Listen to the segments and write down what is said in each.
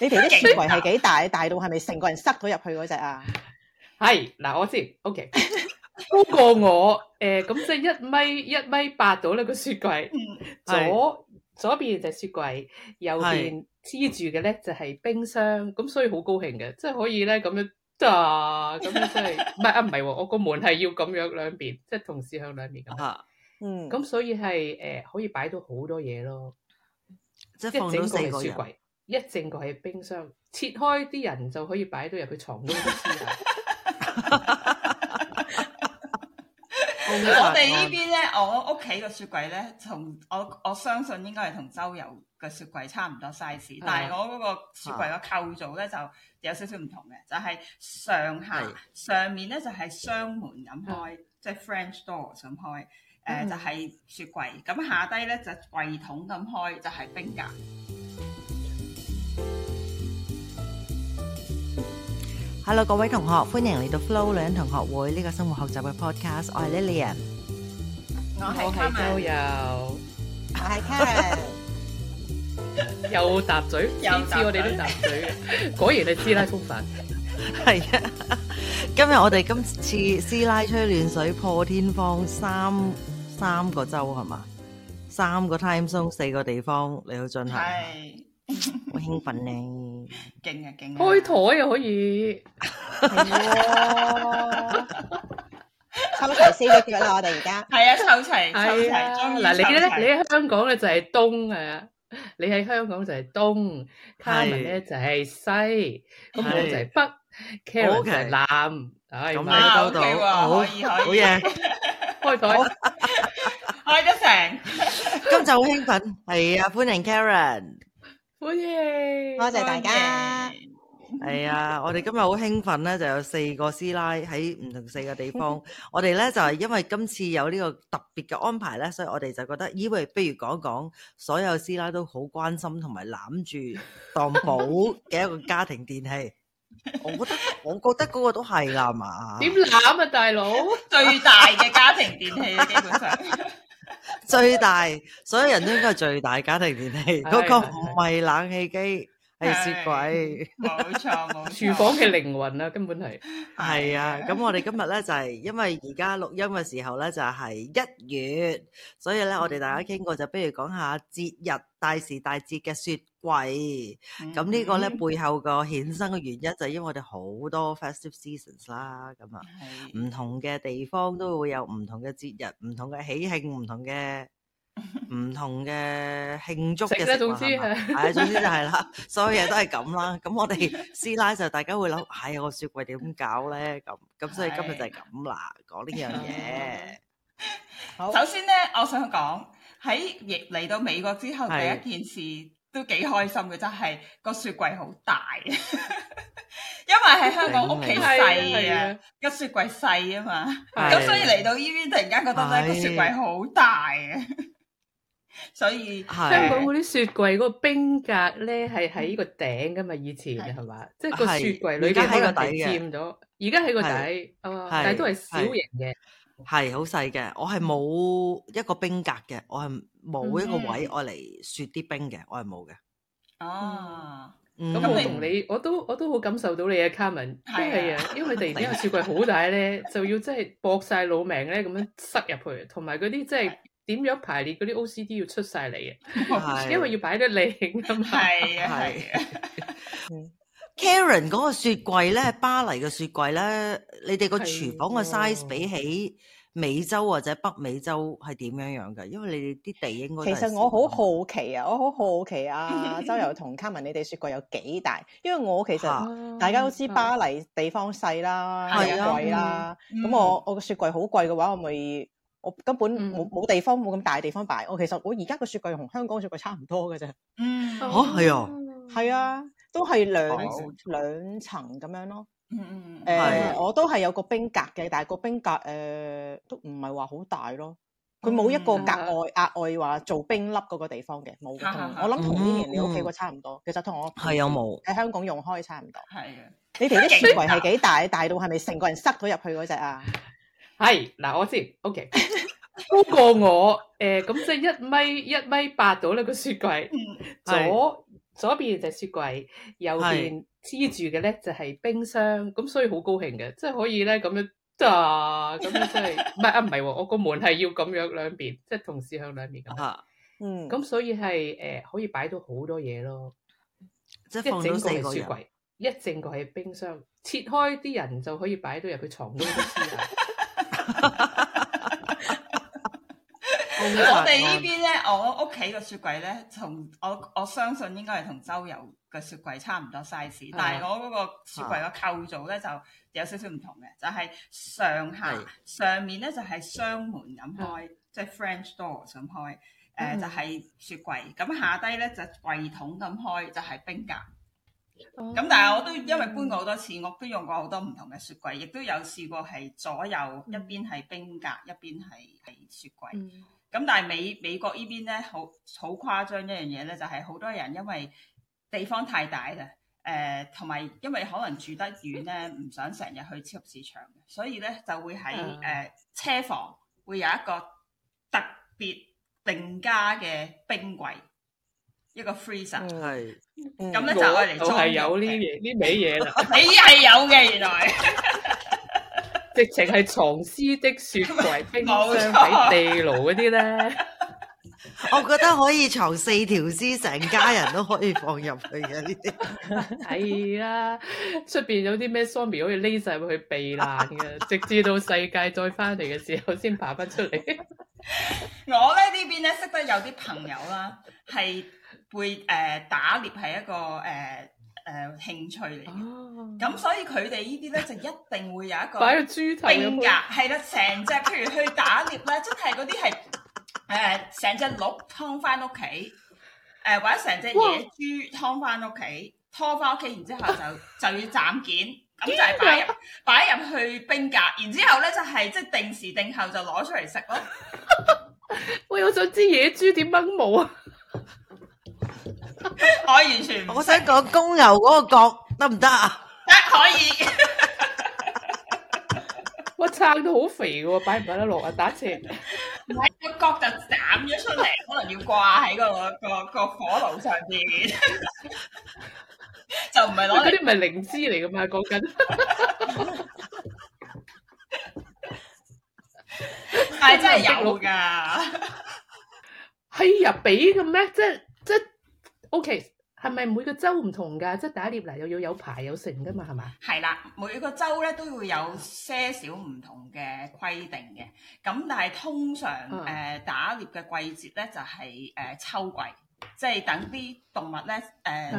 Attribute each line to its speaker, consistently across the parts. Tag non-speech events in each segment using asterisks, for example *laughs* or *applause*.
Speaker 1: 你哋啲雪櫃係幾大？大到係咪成個人塞到入去嗰隻啊？
Speaker 2: 係嗱，我先 OK，高過我誒。咁即係一米一米八到啦個雪櫃。左左邊就係雪櫃，右邊黐住嘅咧就係冰箱。咁所以好高興嘅，即係可以咧咁樣。咁樣即係唔係啊？唔係我個門係要咁樣兩邊，即係同時向兩邊咁。嗯，咁所以係誒可以擺到好多嘢咯，即係整個雪櫃。一整個喺冰箱，切開啲人就可以擺到入去床度。
Speaker 3: 我哋呢邊咧，我屋企個雪櫃咧，同我我相信應該係同周游個雪櫃差唔多 size，但係我嗰個雪櫃個構造咧就有少少唔同嘅，就係、是、上下上面咧就係雙門咁開，即係 French door 咁開，誒 *noise* 就係雪櫃，咁下低咧就櫃桶咁開，就係、是就是、冰格。
Speaker 4: Hello，各位同學，歡迎嚟到 Flo 女人同學會呢個生活學習嘅 podcast，我係 Lilian，
Speaker 2: 我係周游，我係 Karen，又搭嘴，次次我哋都搭嘴嘅，果然係師奶風範，係
Speaker 4: 啊！今日我哋今次師奶吹暖水破天荒三三個洲係嘛，三個 time zone 四個地方嚟去進行，好興奮呢！
Speaker 3: 勁啊勁！
Speaker 2: 開台又可以，抽齊四隻腳啦！我哋而
Speaker 3: 家係啊，抽齊抽齊中嗱，你記得
Speaker 2: 咧，你喺香港咧就係東啊，你喺香港就係東，Carmen 咧就係西，咁就係北，Karen 就係南，咁喺度，好嘢，
Speaker 3: 開台開得成，
Speaker 4: 今早好興奮，係啊，歡迎 Karen。
Speaker 1: 好耶！多謝大家。
Speaker 4: 係啊，我哋今日好興奮咧，就有四個師奶喺唔同四個地方。我哋咧就係因為今次有呢個特別嘅安排咧，所以我哋就覺得，咦？喂，不如講講所有師奶都好關心同埋攬住當寶嘅一個家庭電器。我覺得，我覺得嗰個都係啦，係嘛？點攬啊，大
Speaker 3: 佬！最大嘅家庭電器，基本上。
Speaker 4: 最大，所有人都應該係最大，家庭電器，嗰個唔係冷氣機。係雪櫃，冇錯冇
Speaker 5: 錯，廚房嘅靈
Speaker 4: 魂啊，根本係。係啊，咁我哋今日咧就係因為而家錄音嘅時候咧就係一月，所以咧我哋大家傾過就不如講下節日大時大節嘅雪櫃。咁呢個咧背後個衍生嘅原因就係因為我哋好多 festive seasons 啦，咁啊，唔同嘅地方都會有唔同嘅節日，唔同嘅喜慶，唔同嘅。唔同嘅慶祝嘅嘛，係啊，總之就係啦，所有嘢都係咁啦。咁我哋師奶就大家會諗，係、哎、個雪櫃點搞咧？咁咁，所以今日就係咁啦，講呢樣嘢。 *laughs*
Speaker 3: 好首先咧，我想講喺嚟到美國之後第一件事都幾開心嘅，就係個雪櫃好是 *laughs* *laughs* 大，因為喺香港屋企細啊，個雪櫃細啊嘛，咁所以嚟到呢邊突然間覺得咧個雪櫃好大啊。所以香港嗰
Speaker 2: 啲雪櫃嗰個冰格咧，係喺個頂噶嘛以前嘅係嘛？即係個雪櫃裏邊比較底嘅。而家喺個底，
Speaker 3: 但
Speaker 4: 係都係小型嘅。係好細嘅，我係冇一個冰格嘅，我係冇一個位我嚟雪啲冰嘅，我係冇嘅。哦，咁我同
Speaker 2: 你，我都我都好感受到你啊，卡文，係啊，因為突然之間雪櫃好大咧，就要即係搏晒老命咧，咁樣塞入去，同埋嗰啲即係。點樣排列嗰啲 OCD 要出晒嚟啊？的 *laughs* 因為要擺得靚啊嘛。係啊。
Speaker 4: *laughs* Karen 嗰個雪櫃咧，巴黎嘅雪櫃咧，你哋個廚房個 size 的比起美洲或者北美洲係點樣樣嘅？因為你哋啲地應該其實我
Speaker 1: 好好奇啊，我好好奇啊， *laughs* 周游同 Carmen 你哋雪櫃有幾大？因為我其實、啊、大家都知巴黎地方細啦，雪櫃、啊、啦，咁、嗯嗯、我我個雪櫃好貴嘅話，我咪。我根本冇冇地方冇咁大地方擺，我其實我而家個雪櫃同香港雪櫃差唔多嘅啫。嗯，
Speaker 5: 吓係啊，
Speaker 1: 係啊，都係兩兩層咁樣咯。嗯嗯。誒，我都係有個冰格嘅，但係個冰格誒都唔係話好大咯。佢冇一個格外額外話做冰粒嗰個地方嘅，冇。我諗同呢年你屋企個差唔多，其實同我係有冇喺香港用開差唔多。係。你哋啲雪櫃係幾大？大到係咪成個人塞到入去嗰隻
Speaker 2: 啊？係，嗱我先，OK，高過我，誒，咁即係一米一米八到咧個雪櫃，左左邊就係雪櫃，右邊黐住嘅咧就係冰箱，咁所以好高興嘅，即係可以咧咁樣，咁樣即係，唔係啊唔係，我個門係要咁樣兩邊，即係同時向兩邊咁，嗯，咁所以係誒可以擺到好多嘢咯，即係整個係雪櫃，一整個係冰箱，切開啲人就可以擺到入去床邊。
Speaker 5: 我哋呢
Speaker 3: 邊咧，我屋企個雪櫃咧，同我我相信應該係同周游雪櫃 size,、啊、個雪櫃差唔多 size，但係我嗰個雪櫃個構造咧就有少少唔同嘅，就係、是、上下是上面咧就係、是、雙門咁開，即係是 French door 咁開，誒是、呃、就係、是、雪櫃咁 *music* 下低咧就櫃、是、桶咁開，就係、是、冰格。
Speaker 5: 咁、嗯、但係我都因為搬過好多
Speaker 3: 次，嗯、我都用過好多唔同嘅雪櫃，亦都有試過係左右、嗯、一邊係冰格，一邊係係雪櫃。咁、嗯、但係美美國呢邊咧，好好誇張一樣嘢咧，就係、是、好多人因為地方太大啦，誒、呃，同埋因為可能住得遠咧，唔想成日去超級市場，所以咧就會喺誒、嗯呃、車房會有一個特別定家嘅冰櫃。一個 freezer，咁咧、嗯、就係
Speaker 2: 有呢嘢呢味嘢
Speaker 3: 啦，你係有嘅， *laughs* 原來
Speaker 2: *laughs* 直情係藏屍的雪櫃冰箱喺地牢嗰啲咧， *laughs*
Speaker 4: 我覺得可以藏四條屍，成家人都可以放入去嘅呢
Speaker 2: 啲，係啊，出邊有啲咩喪屍可以匿晒去避難嘅， *laughs* 直至到世界再翻嚟嘅時候先爬翻出嚟。
Speaker 3: *laughs* 我咧呢邊咧識得有啲朋友啦，係。會誒、呃、打獵係一個誒誒、呃呃、興趣嚟嘅，咁、哦、所以佢哋呢啲咧就一定會有一個冰格，係啦成隻，譬如去打獵咧，真係嗰啲係誒成隻鹿㓥翻屋企，誒、呃呃、或者成隻野豬㓥翻屋企，拖翻屋企，然之後就就要斬件，咁就係擺入擺入去冰格。然之後咧就係即係定時定候就攞出嚟食咯。
Speaker 2: 喂，我想知野豬點掹毛啊！
Speaker 3: 我完全，
Speaker 2: 我想講公牛嗰個角得唔得啊？得可以，我撐到好肥嘅喎，擺唔擺得落啊？打斜，唔係
Speaker 3: 個角就斬咗出嚟，可能要掛喺個個個火爐上面，就唔係攞。嗰啲
Speaker 2: 唔係靈芝嚟嘅嘛？講緊，係真係有
Speaker 3: 噶，
Speaker 2: 係呀，俾嘅咩？即係。O.K. 係咪每個州唔同㗎？即係打獵嚟，又要有牌有成㗎嘛？係嘛？
Speaker 3: 係啦，每個州咧都會有些少唔同嘅規定嘅。咁但係通常誒、呃、打獵嘅季節咧就係、是、誒、呃、秋季，即、就、係、是、等啲動物咧誒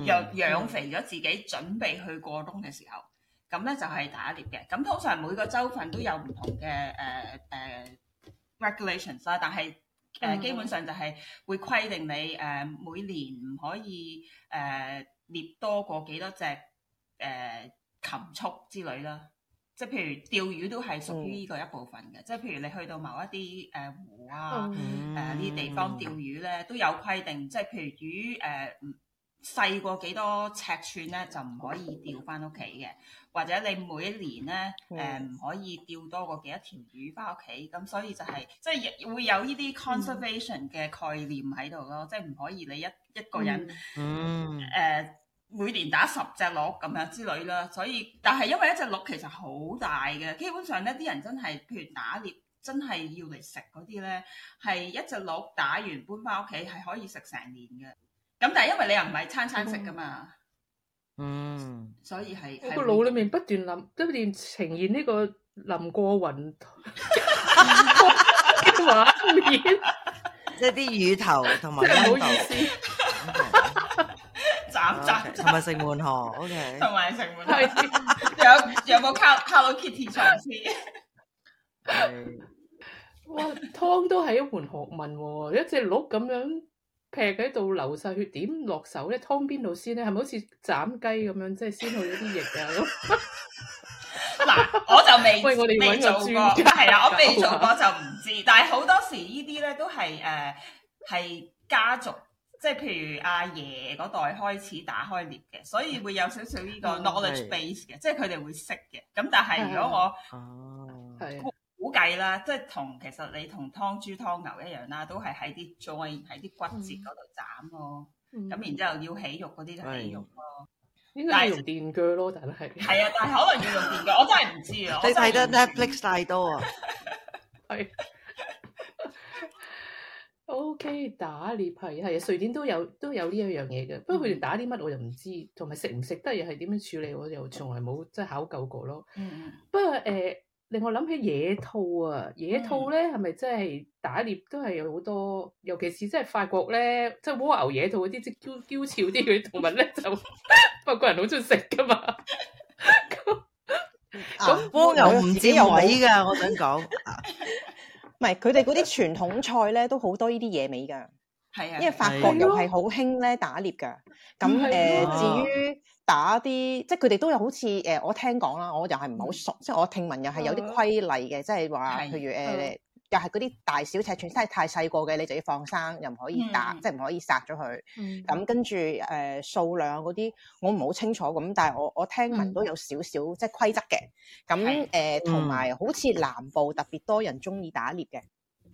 Speaker 3: 又養肥咗自己，準備去過冬嘅時候，咁咧就係打獵嘅。咁通常每個州份都有唔同嘅誒誒 regulations 啦，但係。誒、呃、基本上就係會規定你誒、呃、每年唔可以誒獵、呃、多過幾多隻誒禽畜之類啦。即係譬如釣魚都係屬於呢個一部分嘅，嗯、即係譬如你去到某一啲誒、呃、湖啊誒呢啲地方釣魚咧，都有規定，即係譬如魚誒、呃細過幾多尺寸咧，就唔可以釣翻屋企嘅，或者你每一年咧，誒唔的、呃、可以釣多過幾一條魚翻屋企，咁所以就係、是、即係會有呢啲 conservation 嘅概念喺度咯，即係唔可以你一一個人誒、嗯呃、每年打十隻鹿咁樣之類啦。所以但係因為一隻鹿其實好大嘅，基本上咧啲人真係譬如打獵真係要嚟食嗰啲咧，係一隻鹿打完搬翻屋企係可以食成年嘅。咁
Speaker 2: 但係
Speaker 3: 因為你又唔係餐餐食噶嘛，嗯，所以係我個腦裏
Speaker 2: 面不斷諗，不斷呈現呢個林過雲 *laughs* 的畫面，即係
Speaker 4: 啲魚頭同埋。唔好意思，
Speaker 3: 斬斬
Speaker 4: 同埋城
Speaker 2: 門河，OK，
Speaker 3: 同埋城門河，okay。有有冇卡 Hello Kitty 嘗試？
Speaker 2: 哇，湯都係一門學問，一隻鹿咁樣。劈佢喺度流晒血點落手咧，劏邊度先咧？係咪好似斬雞咁樣？即係先去咗啲液
Speaker 3: 啊？嗱， *laughs* 我就未未做過，係啦、 *laughs* 啊，我未做我就唔知。 *laughs* 但係好多時呢啲咧都係誒係家族，即係譬如阿爺嗰代開始打開獵嘅，所以會有少少呢個 knowledge base 嘅，哦、即係佢哋會識嘅。咁但係如果我哦，係、啊。啊估計啦，即係同其實你同劏豬劏牛一樣啦，都係喺啲再喺啲骨節嗰度斬咯。咁、嗯、然之後要起肉嗰啲就起
Speaker 2: 肉咯、嗯嗯嗯嗯，應該用電鋸咯，但係，係
Speaker 3: 啊，但係可能要用電鋸，我真係唔知啊。 *laughs* 你睇得
Speaker 2: Netflix 太多啊？係、 *laughs* *laughs* *laughs* okay，O K，打獵，係係啊，瑞典都有都有呢一樣嘢嘅。不過佢哋打啲乜，我就唔知。同埋食唔食得又係點樣處理，我就從來冇即係考究過咯。不過誒。 *laughs* *laughs* *laughs* 令我諗起野兔啊，野兔咧係咪真係打獵都係有好多，尤其是真係法國咧，即係蝸牛、野兔嗰啲即嬌嬌俏啲嘅動物咧，就法國人好中意食噶嘛。
Speaker 5: 咁蝸
Speaker 2: 牛唔止有味噶，我想講，
Speaker 1: 唔係佢哋嗰啲傳統菜咧都好多呢啲野味噶，係啊，因為法國又係好興咧打獵噶，咁誒至於。打啲即係佢哋都有好似誒、呃，我聽講啦，我又係唔係好熟，嗯、即係我聽聞又係有啲規例嘅，即係話，嗯、譬如誒、呃，又係嗰啲大小尺寸，真係太細個嘅，你就要放生，又唔可以打，嗯、即係唔可以殺咗佢。咁、嗯嗯、跟住誒、呃、數量嗰啲，我唔好清楚咁，但係我我聽聞都有少少、嗯、即係規則嘅。咁誒同埋好似南部特別多人中意打獵嘅。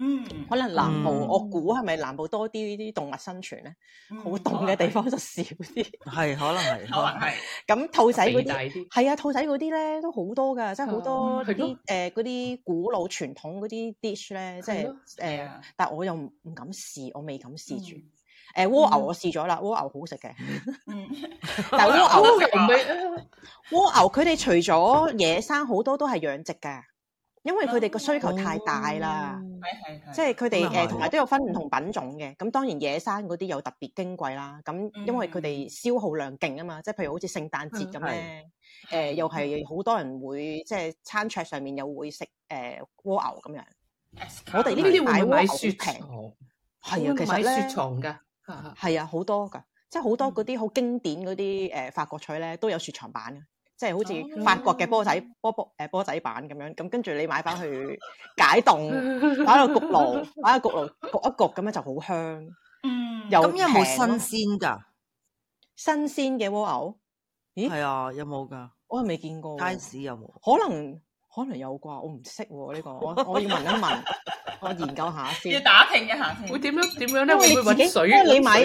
Speaker 1: 嗯，可能南部，我估係咪南部多啲呢啲動物生存咧？好凍嘅地方
Speaker 4: 就少啲。係可能係，可
Speaker 1: 能係。咁兔仔嗰啲，係啊，兔仔嗰啲咧都好多噶，即係好多啲誒嗰啲古老傳統嗰啲 dish 咧，即係誒。但係我又唔敢試，我未敢試住。誒蝸牛我試咗啦，蝸牛好食嘅。但係蝸牛蝸牛佢哋除咗野生，好多都係養殖嘅。因為佢哋個需求太大啦，哦、即係佢哋誒同埋都有分唔同品種嘅。咁當然野生嗰啲又特別矜貴啦。咁因為佢哋消耗量勁啊嘛，即係譬如好似聖誕節咁咧，誒、嗯呃、又係好多人會即係餐桌上面又會食誒蝸牛咁樣。嗯、我哋是呢啲會唔會好平？係啊， *laughs* 其實咧雪藏㗎，係啊，好多㗎，即係好多嗰啲好經典嗰啲誒法國菜咧都有雪藏版嘅。即係好似法國嘅波仔、oh, yeah. 波波誒波仔版咁樣，咁跟住你買翻去解凍，擺喺個焗爐，擺喺焗爐焗一焗咁樣就好香。嗯、mm.，咁有冇新鮮噶？新鮮嘅蝸牛？咦，係啊，有冇噶？我又未見過，街市有冇？可能可能有啩，我唔識呢個，我我要問一問。 *laughs* *laughs* 我研究下先，要打聽一下先。下嗯、
Speaker 3: 會點
Speaker 1: 樣點樣咧？會唔會揾水？因為你買，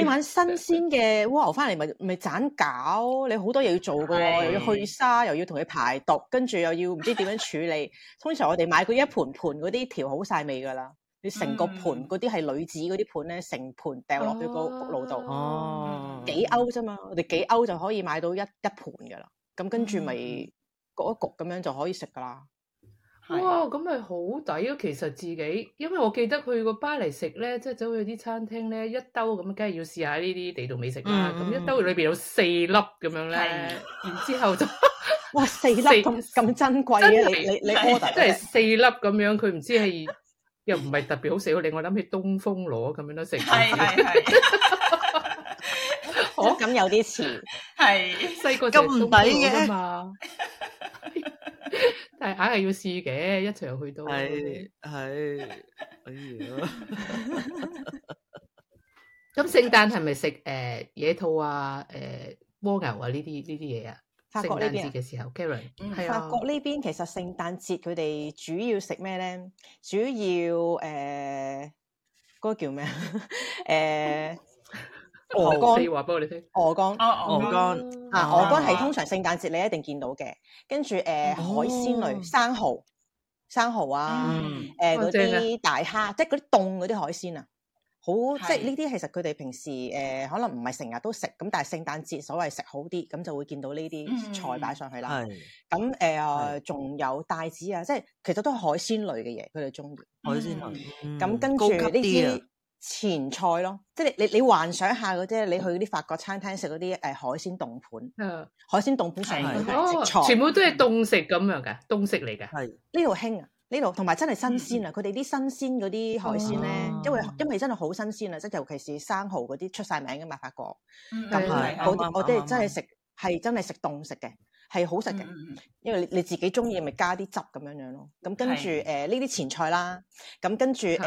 Speaker 1: 你買新鮮嘅蝸牛翻嚟，咪咪斬攪，你好多嘢要做嘅喎、哦，是又要去沙，又要同佢排毒，跟住又要唔知點樣處理。 *laughs* 通常我哋買嗰一盤盤嗰啲調好晒味噶啦，你成、嗯、個盤嗰啲係女子嗰啲盤咧，成盤掉落去個焗爐度。哦、嗯，幾歐啫嘛，我哋幾歐就可
Speaker 2: 以買到一一盤噶啦。咁跟住咪焗一焗咁樣就可以食噶啦。嗯哇，咁咪好抵咯！其實自己，因為我記得去過巴黎食咧，即係走去啲餐廳咧，一兜咁，梗係要試下呢啲地道美食啦。咁、嗯、一兜裏邊有四粒咁樣咧，的然後之後就，
Speaker 1: 哇，四粒咁咁珍貴啊！你你你真係
Speaker 2: 四粒咁樣，佢唔知係的又唔係特別好食，令 *laughs* 我諗起東風螺咁樣都食。係的的 *laughs* 我咁有啲似，係細個就唔抵嘅嘛。 *laughs* *laughs* 但係硬係要試嘅，一齊去到係係哎咁聖誕係咪食誒野兔啊，誒、呃、蝸牛啊呢啲呢啲嘢啊？法國呢邊，聖誕節嘅時候，Karen、嗯。啊、法國呢邊其實聖誕節
Speaker 1: 佢哋主要食咩咧？主要誒嗰、呃那個叫咩啊？誒、呃。 *laughs*
Speaker 2: 鵝肝，可以話俾你聽。鵝肝，
Speaker 1: 鵝肝啊，鵝肝係通常聖誕節你一定見到嘅。跟住誒，海鮮類，生蠔，生蠔啊，誒嗰啲大蝦，即係嗰啲凍嗰啲海鮮啊，好即係呢啲。其實佢哋平時誒，可能唔係成日都食，咁但係聖誕節所謂食好啲，咁就會見到呢啲菜擺上去啦。咁誒，仲有帶子啊，即係其實都係海鮮類嘅嘢，佢哋中意海鮮類。
Speaker 5: 咁跟住呢啲。
Speaker 1: 前菜咯，即係你你幻想下嗰啲，你去嗰啲法國餐廳食嗰啲誒海鮮凍
Speaker 2: 盤，海鮮凍盤成個係，全部都係凍食咁樣嘅，凍食嚟嘅。係
Speaker 1: 呢度興啊，呢度同埋真係新鮮啊！佢哋啲新鮮嗰啲海鮮咧，因為因為真係好新鮮啊，即係尤其是生蠔嗰啲出晒名嘅嘛，法國咁，我我哋真係食係真係食凍食嘅。係好食嘅，嗯、因為你你自己中意咪加啲汁咁樣樣咯。咁、嗯、跟住誒呢啲前菜啦，咁跟住誒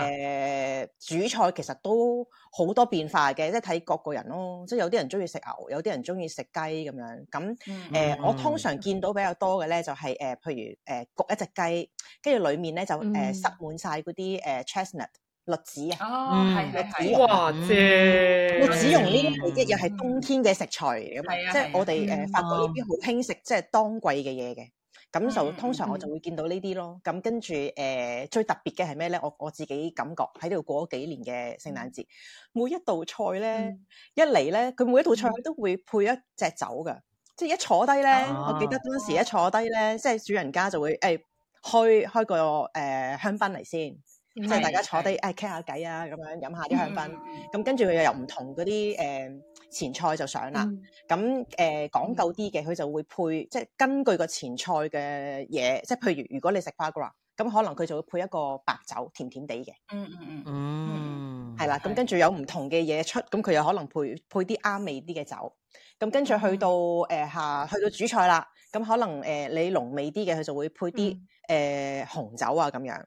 Speaker 1: 主菜其實都好多變化嘅，即係睇各個人咯。即係有啲人中意食牛，有啲人中意食雞咁樣。咁誒我通常見到比較多嘅咧，就係、是、誒、呃、譬如誒、呃、焗一隻雞，跟住裡面咧就誒、呃、塞滿晒嗰啲誒 chestnut。呃嗯栗子啊，栗、哦、子、啊、哇，正栗子蓉呢啲係一日係冬天嘅食材嚟噶嘛，即係我哋誒、嗯啊、法國呢邊好興食，即、就、係、是、當季嘅嘢嘅，咁就通常我就會見到呢啲咯。咁跟住誒最特別嘅係咩咧？我我自己感覺喺度過咗幾年嘅聖誕節，每一道菜咧、嗯、一嚟咧，佢每一道菜都會配一隻酒噶，嗯、即係一坐低咧，啊、我記得當時一坐低咧，即係主人家就會誒、哎、開開個誒、呃、香檳嚟先。 *noise* 即係大家坐低，誒、哎，傾下偈啊，咁樣飲下啲香檳。咁、嗯、跟住佢又有唔同嗰啲誒前菜就上啦。咁誒、嗯，講、呃、究啲嘅，佢就會配，即係根據個前菜嘅嘢。即係譬如，如果你食法國咁可能佢就會配一個白酒，甜甜地嘅。嗯嗯嗯。嗯。係、嗯、啦，咁跟住有唔同嘅嘢出，咁佢又可能配配啲啱味啲嘅酒。咁跟住去到誒，下去到主菜啦。咁可能誒，你濃味啲嘅，佢就會配啲誒紅酒啊，咁樣。.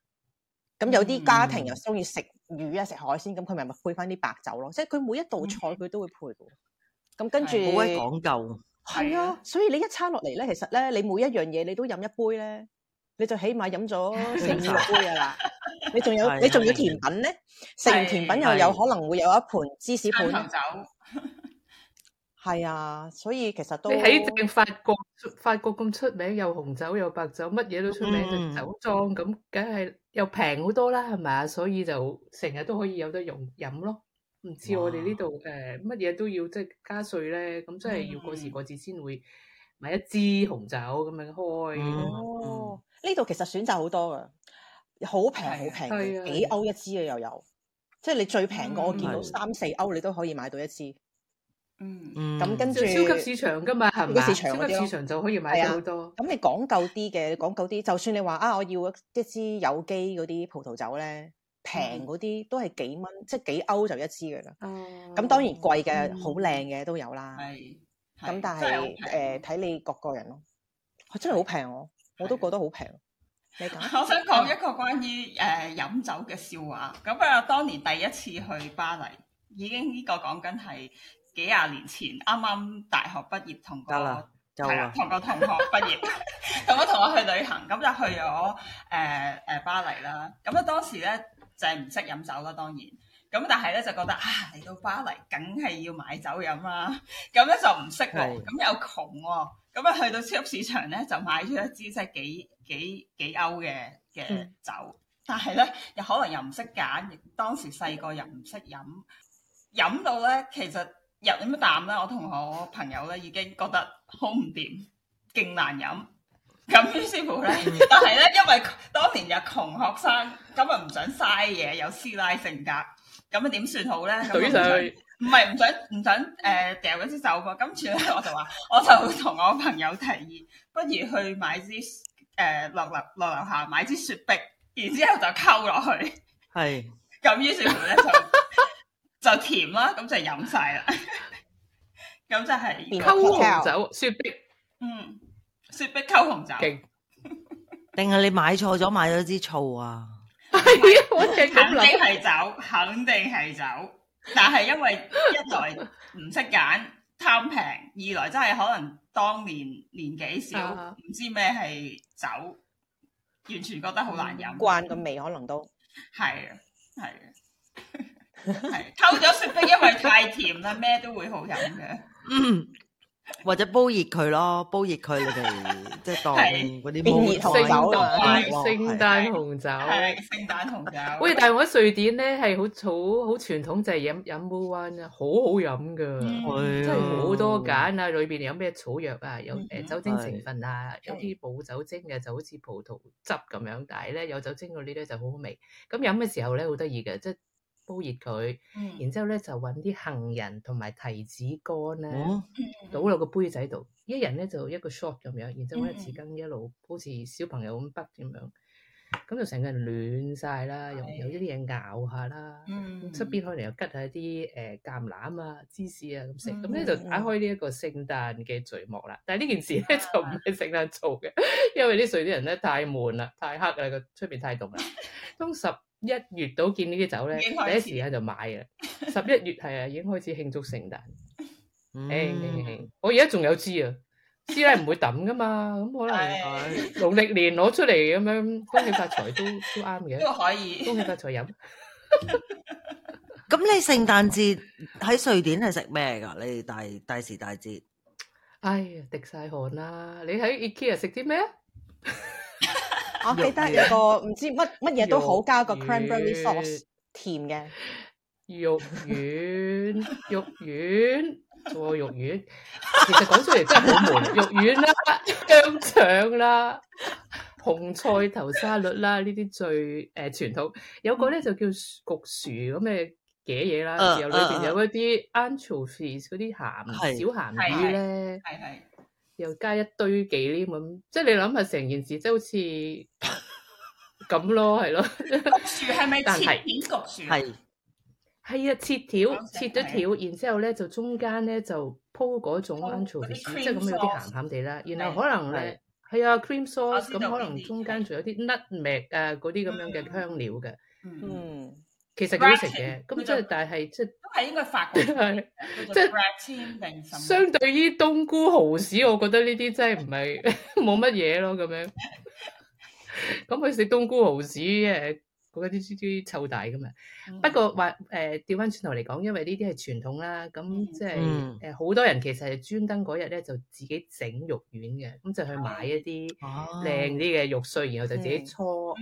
Speaker 1: 咁有啲家庭又中意食魚啊、食海鮮，咁佢咪咪配翻啲白酒咯。即係佢每一道菜佢都會配嘅。咁跟住好鬼講究。係啊，所以你一餐落嚟咧，其實咧你每一樣嘢你都飲一杯咧，你就起碼飲咗四五六杯啊啦。你仲有你仲要甜品咧，食完甜品又有可
Speaker 2: 能會有一盤芝士盤。係啊，所以其實都你喺正法國，法國咁出名，又紅酒又白酒，乜嘢都出名，就 *noise* 酒莊咁，梗係又平好多啦，係咪啊？所以就成日都可以有得用飲咯。唔似我哋呢度誒，乜嘢 *noise* 都要即係、就是、加稅咧，咁真係要過時過節先會買一支紅酒咁樣開。哦，呢、嗯、度其實選
Speaker 1: 擇好多噶，好平好平，幾歐一支嘅又有，即、就、係、是、你最平嗰的、嗯、我見到三四歐，你都可以買到一支。
Speaker 2: 嗯，咁跟住，超級市場
Speaker 1: 噶嘛，係咪？超級市場，超級市場就可以買到好多。咁你講究啲嘅，講究啲，就算你話啊，我要一支有機嗰啲葡萄酒咧，平嗰啲都係幾蚊，即係幾歐就一支噶啦。哦。咁當然貴嘅好靚嘅都有啦。係。咁但係誒，睇你各個人咯。哇，真係好平哦！我都覺得好平。
Speaker 3: 你講。我想講一個關於誒飲酒嘅笑話。咁啊，當年第一次去巴黎，已經呢個講緊係。幾廿年前啱啱大學畢業，同個係啦，同、啊、個同學畢業，咁我 *laughs* 同我去旅行，咁 *laughs* 就去咗誒誒巴黎啦。咁啊當時咧就係唔識飲酒啦，當然。咁但係咧就覺得啊，嚟到巴黎梗係要買酒飲啦、啊。咁咧就唔識喎，咁是又窮喎、啊。咁啊去到超級市場咧就買咗一支即係幾幾幾歐嘅嘅酒，嗯、但係咧又可能又唔識揀，當時細個又唔識飲，飲，飲到咧其實呢，入咁多啖啦，我同我朋友咧已經覺得好唔掂，勁難飲。咁於是乎咧，但係咧，因為當年有窮學生，咁啊唔想嘥嘢，有師奶性格，咁啊點算好咧？於是乎，唔係唔想唔想誒掉咗支酒過。咁之後我就話，我就同我，我朋友提議，不如去買支誒、呃、落樓落樓下買支雪碧，然之後就溝落去。
Speaker 5: 係是。
Speaker 3: 咁於是乎咧。 *laughs* 就甜啦，咁就飲晒啦。咁 *laughs* 就係溝紅酒，溝紅酒雪碧，嗯，雪碧溝紅
Speaker 4: 酒。定 *laughs* 係你買錯咗，買咗支醋啊？我
Speaker 3: 淨 *laughs* 肯定係酒，肯定係酒。但係因為一來唔識揀，貪平； *laughs* 二來真係可能當年年紀少，唔知咩係酒，完全覺得好難飲，慣個味可能都係啊，係啊。 *laughs* *laughs* 偷咗雪碧，因為太甜啦，咩都會好飲嘅、
Speaker 4: 嗯。或者
Speaker 2: 煲熱佢咯，煲熱佢、like,，你哋即係當嗰啲變熱紅酒啊，聖誕紅酒，係
Speaker 3: 聖誕紅酒。喂， *laughs* *laughs* *laughs*
Speaker 2: 但係我喺瑞典咧，係好好好傳統，就係飲飲 b o 啊，好好飲噶，係、嗯、啊，真係好多揀啊，裏邊有咩草藥啊，有誒酒精成分啊，是有啲冇酒精嘅，就好似葡萄汁咁樣，但係咧有酒精嗰啲咧就好好味。咁飲嘅時候咧，好得意嘅，即、就、係、是。煲熱佢，然之後咧就搵啲杏仁同埋提子乾咧、啊，倒落個杯仔度，一人咧就一個 shot 咁樣，然之後攞支匙羹一路好似小朋友咁滗咁樣，咁就成個人暖晒啦，又有一啲嘢咬下啦，出邊可能又吉下啲誒橄欖啊、芝士啊咁食，咁咧就打開呢一個聖誕嘅序幕啦。但係呢件事咧就唔係聖誕做嘅，因為啲瑞典人咧太悶啦，太黑啦，個出邊太凍啦，冬十。一月到見呢啲酒咧，第一時間就買啊！十一月係啊，已經開始慶祝聖誕。誒，我而家仲有支啊，支咧唔會抌噶嘛。咁可能農曆年攞出嚟咁樣，恭喜發財都都啱嘅。都可以，恭喜發財飲。咁
Speaker 4: 你聖誕節喺瑞典係食咩噶？你大大時大節。
Speaker 2: 哎呀，滴晒汗啦！你喺 IKEA 食啲咩？我記得有個唔知乜乜嘢都好，加個 cranberry sauce 丸甜嘅的肉丸，肉丸， *laughs* 哦、肉丸。其實講出嚟真係好悶， *laughs* 肉丸啦、香腸啦、紅菜頭沙律啦，呢啲最誒傳、呃、統。有個咧就叫焗薯咁嘅嘅嘢啦，然後裏邊有一啲 anchovies 嗰啲鹹小鹹魚咧。係、係。又加一堆忌廉咁，即係你諗下成件事，即係好似咁咯，係咯。焗
Speaker 3: 薯係咪切片焗薯？係
Speaker 2: 係啊，切條切咗條，然之後咧就中間咧就鋪嗰種安條薯，即係咁有啲鹹鹹地啦。然後可能係係啊，cream sauce，咁可能中間仲有啲 nutmeg 啊嗰啲咁樣嘅香料嘅。嗯，其實幾好食嘅。咁即係但係即係。應
Speaker 3: 該法國，即係相
Speaker 2: 對於冬菇蠔豉，我覺得呢啲真係唔係冇乜嘢咯咁樣咁佢食冬菇蠔豉，誒，嗰啲啲臭大噶嘛。不過話誒，調翻轉頭嚟講，因為呢啲係傳統啦，咁即係誒，好多人其實係專登嗰日咧就自己整肉丸嘅，咁就去買一啲靚啲嘅肉碎，然後就自己搓。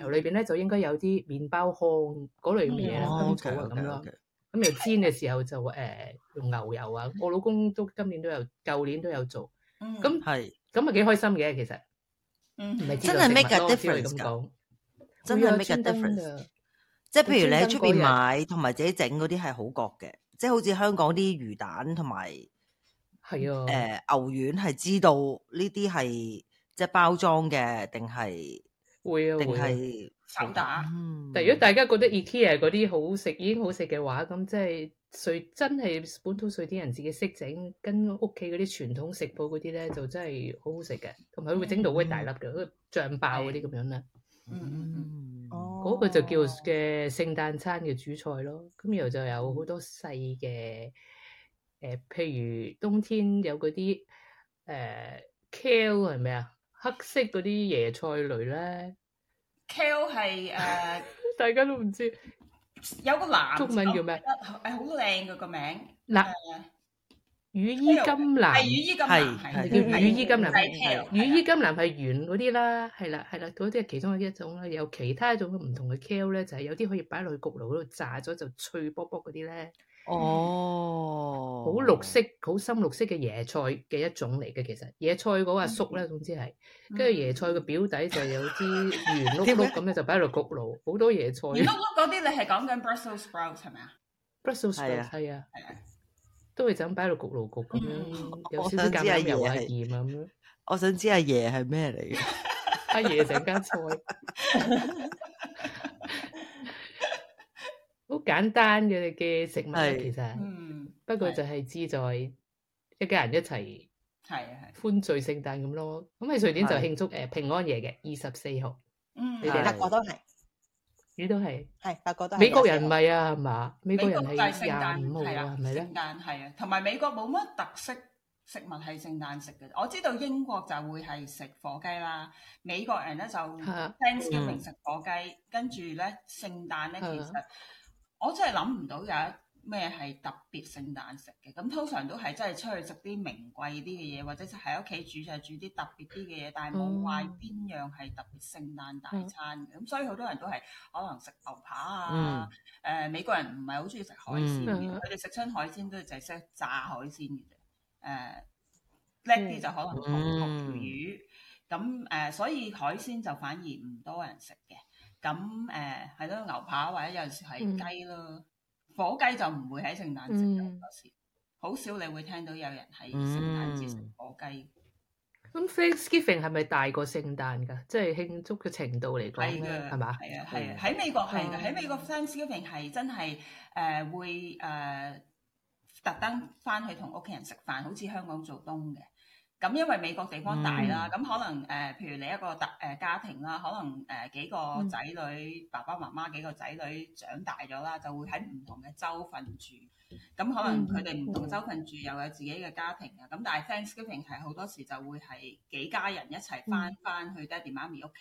Speaker 2: 由裏邊咧就應該有啲麵包糠嗰類嘢啦，香草啊，咁咯。咁又、嗯、煎嘅時候就誒、欸、用牛油啊！我老公都今年都有，舊年都有做。咁、嗯、係，咁咪幾開心嘅其實。
Speaker 4: 嗯，真係 make a difference
Speaker 5: 㗎，真係 make a difference。
Speaker 4: 即係譬如你喺出邊買同埋自己整嗰啲係好覺嘅，嗯、即係好似香港啲魚蛋同埋係啊，誒牛丸係知道呢啲係即係包裝嘅定係。會
Speaker 2: 啊，會啊，手打。但如果大家覺得 IKEA 嗰啲好食，嗯、已經好食嘅話，咁即係瑞真係本土瑞典人自己識整，跟屋企嗰啲傳統食譜嗰啲咧，就真係好好食嘅，同埋佢會整到好大粒嘅，好似醬爆嗰啲咁樣啦。哦。
Speaker 5: 嗰個就
Speaker 2: 叫嘅聖誕餐嘅主菜咯，咁然後就有好多細嘅，誒、呃，譬如冬天有嗰啲誒 Kale 係咪啊？呃黑色嗰啲椰菜類咧
Speaker 3: ，Kale 係誒，大家都唔知，有個男，中文叫咩？誒，好靚嘅個名，藍
Speaker 2: 羽衣甘藍係羽衣甘藍，係叫羽衣甘藍，係羽衣甘藍係圓嗰啲啦，係啦係啦，嗰啲係其中嘅一種啦。有其他一種唔同嘅 Kale 咧，就係有啲可以擺落去焗爐嗰度炸咗就脆卜卜嗰啲咧。哦，好綠色、好深綠色嘅椰菜嘅一種嚟嘅，其實椰菜嗰個粟啦，總之係，跟住椰菜嘅表底就有啲圓碌碌咁咧，就擺喺度焗爐，好多椰菜。圓碌碌
Speaker 3: 嗰啲，你係講緊 brussels
Speaker 2: sprouts 係咪啊？brussels sprouts 係啊，係啊，都係就咁擺喺度焗爐焗咁樣，有少少橄欖油啊、鹽啊咁樣。我想知阿爺係咩嚟嘅？阿爺整間菜。好簡單嘅嘅食物其實，嗯，不過就係志在一家人一齊，係啊係，歡聚聖誕咁咯。咁喺瑞典就慶祝誒平安夜嘅二十四號，嗯，
Speaker 3: 你哋德國都係，你都
Speaker 2: 係，係德國都係。
Speaker 3: 美國人
Speaker 2: 唔係啊，係嘛？美國人係廿五號啊，係啊，
Speaker 3: 同埋美國冇乜特色食物係聖誕食嘅。我知道英國就會係食火雞啦，美國人咧就 Thanksgiving 食火雞，跟住咧聖誕咧其實。我真係諗唔到有咩係特別聖誕食嘅，咁通常都係真係出去食啲名貴啲嘅嘢，或者喺屋企煮就煮啲特別啲嘅嘢，但係冇話邊樣係特別聖誕大餐咁、嗯、所以好多人都係可能食牛扒啊，誒、嗯呃、美國人唔係好中意食海鮮，佢哋食親海鮮都淨係識炸海鮮嘅啫，誒叻啲就可能焗條魚，咁誒、嗯呃、所以海鮮就反而唔多人食嘅。咁誒係咯，牛扒或者有陣時係雞咯，嗯、火雞就唔會喺聖誕節嗰時，好、嗯、少你會聽到有人喺聖
Speaker 2: 誕節食火雞。咁 Thanksgiving 係咪大過聖誕噶？即、就、係、係、慶祝嘅程度嚟講，係嘛的？係啊係啊，喺美國係㗎，喺美國
Speaker 3: Thanksgiving 係真係誒會誒、呃、特登翻去同屋企人食飯，好似香港做冬嘅。咁、嗯、因為美國地方大啦，咁、嗯、可能誒、呃，譬如你一個大誒、呃、家庭啦，可能誒、呃、幾個仔女，嗯、爸爸媽媽幾個仔女長大咗啦，就會喺唔同嘅州份住。咁可能佢哋唔同州份住，嗯嗯、又有自己嘅家庭嘅。咁、嗯嗯、但係 Thanksgiving 係好多時就會係幾家人一齊翻翻去爹哋媽咪屋企，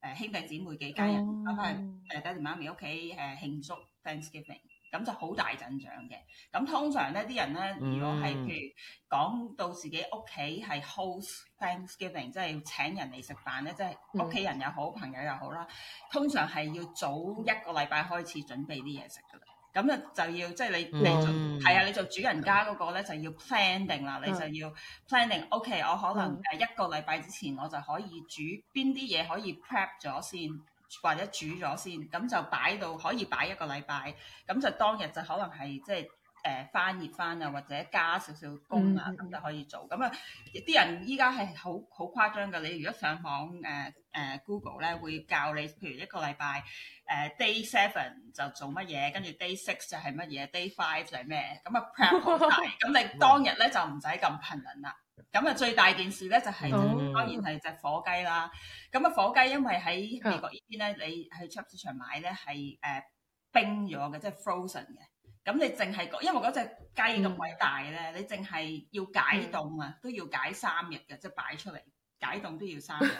Speaker 3: 誒兄弟姊妹幾家人一齊誒爹哋媽咪屋企誒慶祝 Thanksgiving。咁就好大陣仗嘅。咁通常呢啲人呢，如果係譬如講到自己屋企係 host Thanksgiving，即係要請人嚟食飯咧，即係屋企人又好，朋友又好啦，通常係要早一個禮拜開始準備啲嘢食噶啦。咁就就要即係、就是、你你做係、嗯、啊，你做主人家嗰個咧就要 planning 啦，嗯、你就要 planning。OK，我可能誒一個禮拜之前我就可以煮邊啲嘢可以 prep 咗先。或者煮咗先，咁就擺到可以擺一個禮拜，咁就當日就可能係即係誒翻熱翻啊，或者加少少工啊，咁、嗯、就可以做。咁啊啲人依家係好好誇張㗎。你如果上網誒誒、呃、Google 咧，會教你譬如一個禮拜誒 Day Seven 就做乜嘢，跟住 Day Six 就係乜嘢，Day Five 就係咩，咁啊 prepare 咁你當日咧就唔使咁頻能啦。咁啊，最大件事咧就係、是，當然係隻火雞啦。咁啊、嗯，火雞因為喺美國呢邊咧，你去超級市場買咧係誒冰咗嘅，即、就、係、是、frozen 嘅。咁你淨係，因為嗰、嗯、隻雞咁鬼大咧，你淨係要解凍啊，嗯、都要解三日嘅，即係擺出嚟解凍都要三日。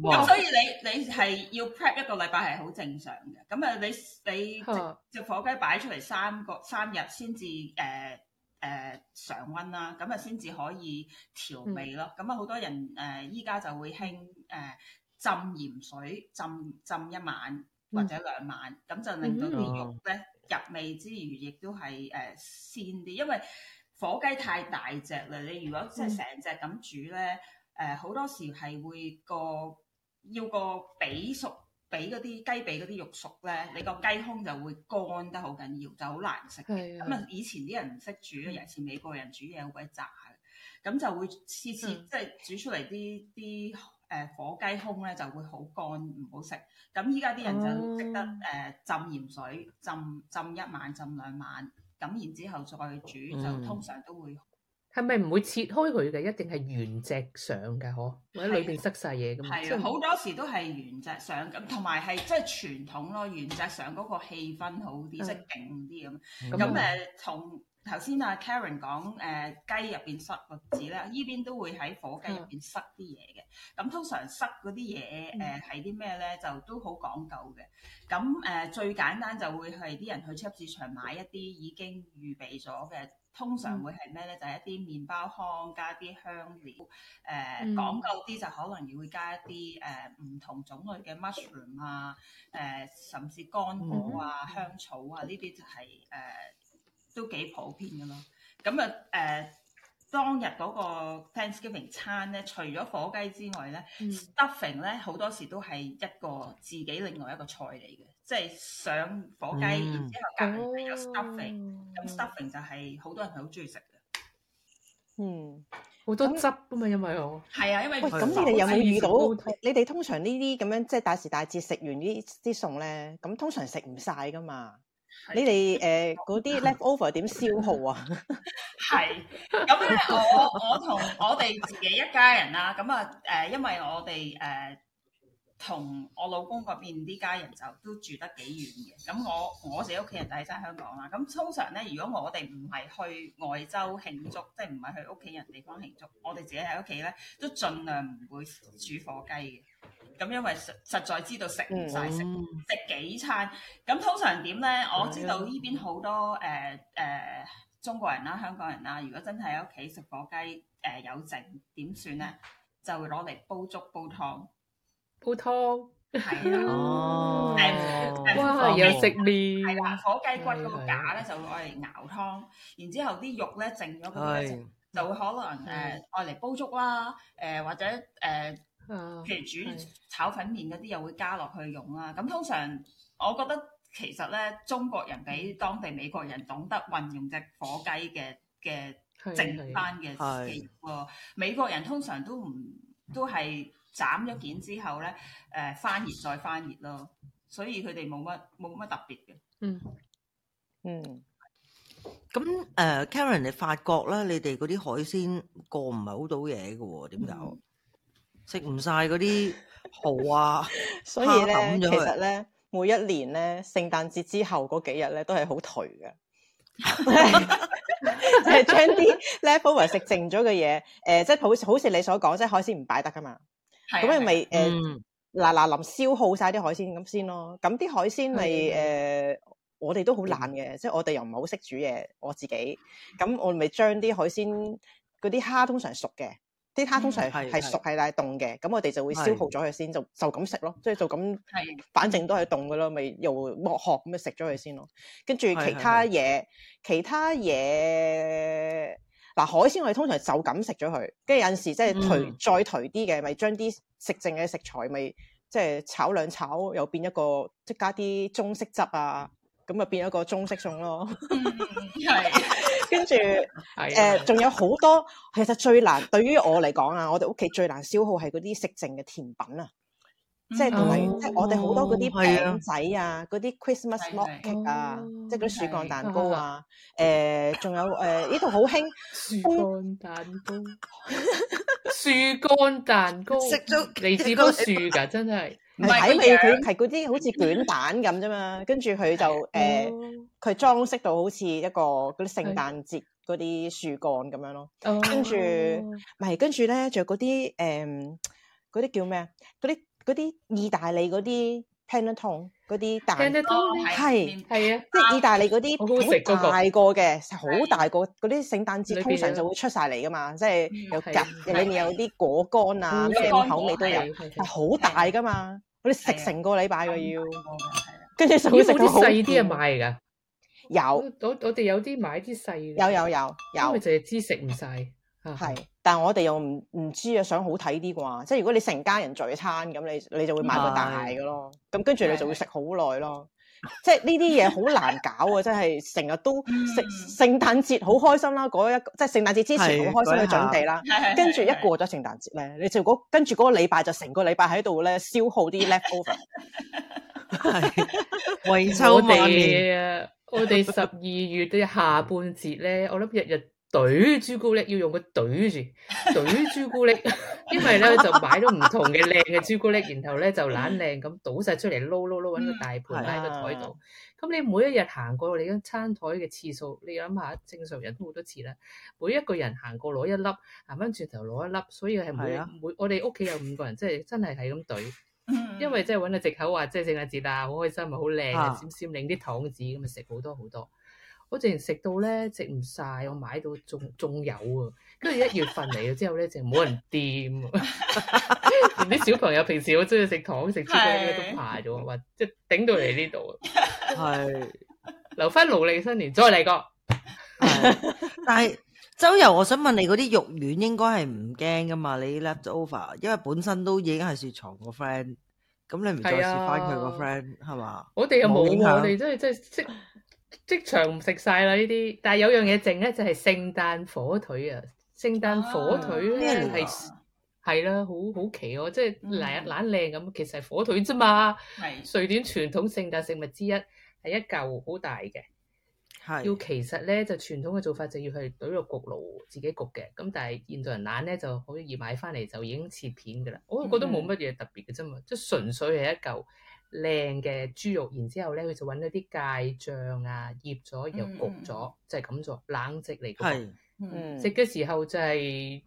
Speaker 3: 咁 *laughs* 所以你你係要 prep 一個禮拜係好正常嘅。咁啊，你你隻火雞擺出嚟三個三日先至誒。呃誒、呃、常溫啦，咁啊先至可以調味咯。咁啊、嗯，好多人誒依家就會興誒、呃、浸鹽水浸浸一晚或者兩晚，咁、嗯、就令到啲肉咧、哦、入味之餘，亦都係誒、呃、鮮啲。因為火雞太大隻啦，你如果即係成隻咁煮咧，誒好、嗯呃、多時係會個要個比熟。俾嗰啲雞髀嗰啲肉熟咧，你個雞胸就會乾得好緊要，就好難食嘅。咁啊的，以前啲人唔識煮啊，尤其是美國人煮嘢好鬼渣，咁就會次次、嗯、即係煮出嚟啲啲誒火雞胸咧就會乾，好乾，唔好食。咁依家啲人就識得誒浸鹽水，浸浸一晚浸兩晚，咁然之後再煮就通常都會。
Speaker 2: 係咪唔會切開佢嘅？一定係原隻上嘅，的或者裏邊塞晒嘢咁。係啊的，好以
Speaker 3: 多時都係原隻上咁，同埋係即係傳統咯，原隻上嗰個氣氛好啲，即係勁啲咁。咁誒，同頭先阿 Karen 講誒雞入邊塞個紙咧，呢邊都會喺火雞入邊塞啲嘢嘅。咁、嗯、通常塞嗰啲嘢誒係啲咩咧？就都好講究嘅。咁誒、呃、最簡單就會係啲人去超級市場買一啲已經預備咗嘅。通常會係咩咧？就係、是、一啲麵包糠加啲香料，誒、呃、講究啲就可能要會加一啲誒唔同種類嘅 mushroom 啊，誒、呃、甚至乾果啊、香草啊呢啲就係、是、誒、呃、都幾普遍嘅咯。咁啊誒當日個 Thanksgiving 餐咧，除咗火雞之外咧、嗯、stuffing 咧好多時都係一個自己另外一個菜嚟嘅。即係上火雞，然
Speaker 2: 之後夾埋有 stuffing，咁
Speaker 3: stuffing 就係好多人係好中意食嘅。嗯，好多汁啊嘛，因為我係啊，因為咁你哋有冇遇到？
Speaker 1: 你哋通常呢啲咁樣即係大時大節食完呢啲餸咧，咁通常食唔晒㗎嘛？你哋誒嗰啲 leftover 點消耗啊？
Speaker 3: 係咁咧，我我同我哋自己一家人啦，咁啊誒，因為我哋誒。同我老公嗰邊啲家人就都住得幾遠嘅，咁我我自己屋企人就喺返香港啦。咁通常咧，如果我哋唔係去外州慶祝，即係唔係去屋企人地方慶祝，我哋自己喺屋企咧都盡量唔會煮火雞嘅。咁因為實實在知道食唔晒，食食、嗯、幾餐。咁通常點咧？我知道呢邊好多誒誒、呃呃、中國人啦、香港人啦，如果真係喺屋企食火雞誒、呃、有剩點算咧，就會攞嚟煲粥煲湯。煲湯係啦，哇！又食麵係啦，火雞骨嗰個架咧就攞嚟熬湯，然之後啲肉咧剩咗嗰啲咧就就會可能誒攞嚟煲粥啦，誒或者誒譬如煮炒粉麵嗰啲又會加落去用啦。咁通常我覺得其實咧中國人比當地美國人懂得運用隻火雞嘅嘅剩翻嘅肉，美國人通常都唔都係。斬咗件之
Speaker 4: 後咧，誒、呃，翻熱再翻熱咯，所以佢哋冇乜冇乜特別嘅。嗯嗯。咁誒、嗯呃，Karen，你法國咧，你哋嗰啲海鮮過唔係好到嘢嘅，點解？食唔晒嗰啲蚝啊？ *laughs* 所以咧呢，其實咧，
Speaker 1: 每一年咧，聖誕節之後嗰幾日咧，都係、 *laughs* 呃嗯就是、好頹嘅，即係將啲 leftover 食剩咗嘅嘢，誒，即係好好似你所講，即、就、係、是、海鮮唔擺得噶嘛。 *laughs* 咁咪咪誒嗱嗱臨消耗晒啲海鮮咁先咯，咁啲海鮮咪誒我哋都好懶嘅，即係我哋又唔係好識煮嘢，我自己咁我咪將啲海鮮嗰啲蝦通常熟嘅，啲蝦通常係熟係啦，凍嘅，咁我哋就會消耗咗佢先，就就咁食咯，即係就咁，反正都係凍噶咯，咪又剝殼咁食咗佢先咯，跟住其他嘢，其他嘢。嗱、啊，海鮮我哋通常就咁食咗佢，跟住有陣時即係頹再頹啲嘅，咪將啲食剩嘅食材咪即係炒兩炒，又變一個即加啲中式汁啊，咁咪變一個中式餸咯。係、嗯，跟住誒，仲有好多，其實最難對於我嚟講啊，我哋屋企最難消耗係嗰啲食剩嘅甜品啊。即係同埋，即係我哋好多嗰啲餅仔啊，嗰啲 Christmas log cake 啊，即係嗰啲樹幹蛋糕啊。誒，仲有誒，呢度好興樹幹蛋糕，
Speaker 2: 樹幹蛋糕食咗嚟自不樹㗎，真係唔係咁樣？
Speaker 1: 係嗰啲好似卷蛋咁啫嘛，跟住佢就誒，佢裝飾到好似一個嗰啲聖誕節嗰啲樹幹咁樣咯。跟住，咪跟住咧，就嗰啲誒，嗰啲叫咩？嗰啲嗰啲意大利嗰啲 panettone 嗰啲大，係，係啊，即係意大利嗰啲好大個嘅，好大個，嗰啲聖誕節通常就會出晒嚟噶嘛，即係有夾，裏面有啲果乾啊，咩口味都有，係好大噶嘛，我哋食成個禮拜嘅要，
Speaker 2: 跟住仲要食啲細啲嘅買㗎，
Speaker 1: 有，我哋有啲買啲細，有有有，因為就係知食唔曬。係，但係我哋又唔唔知啊，想好睇啲啩。即係如果你成家人聚餐，咁你你就會買個大嘅咯。咁跟住你就會食好耐咯。即係呢啲嘢好難搞啊！即係成日都食聖誕節好開心啦，嗰一即係聖誕節之前好開心嘅準備啦。跟住一過咗聖誕節咧，你就嗰跟住嗰個禮拜就成個禮拜喺度咧消耗啲 leftover。係，
Speaker 2: 為秋味啊！我哋十二月嘅下半節咧，我諗日日。懟朱古力要用佢懟住懟朱古力，因為咧就買咗唔同嘅靚嘅朱古力，然後咧就懶靚咁倒晒出嚟撈撈撈，搵個大盤擺喺個台度。咁你每一日行過你間餐台嘅次數，你諗下正常人都好多次啦。每一個人行過攞一粒，行翻轉頭攞一粒，所以係每每我哋屋企有五個人，即係真係係咁懟。因為即係搵個藉口話，即係聖誕節啊，好開心，咪好靚，閃閃領啲糖紙咁咪食好多好多。我淨係食到咧食唔晒，我買到仲仲有啊！跟住一月份嚟咗之後咧，就冇人掂。連啲小朋友平時好中意食糖食朱古力都怕咗，話即係頂到嚟呢度。係留翻農曆新年，再嚟過。但
Speaker 4: 係周游，我想問你嗰啲肉丸應該係唔驚噶嘛？你 left over，因為本身都已經係雪藏個 friend，咁你唔再試翻佢個 friend 係嘛？我哋又冇，我哋真
Speaker 2: 係真係識。即場唔食晒啦呢啲，但係有樣嘢剩咧，就係聖誕火腿，聖誕火腿啊！聖誕火腿咧係係啦，好好奇哦，即係懶懶靚咁，其實係火腿啫嘛。係是瑞典傳統聖誕食物之一，係一嚿好大嘅。係是要其實咧，就傳統嘅做法就是要去掟入焗爐自己焗嘅，咁但係現代人懶咧，就好易買翻嚟就已經切片噶啦。我覺得冇乜嘢特別嘅啫嘛，嗯嗯、即係純粹係一嚿。靚嘅豬肉，然之後咧佢就揾咗啲芥醬啊，醃咗又焗咗，mm. 就係咁做，冷、 *noise* 嗯、食嚟嘅。係，食嘅時候就係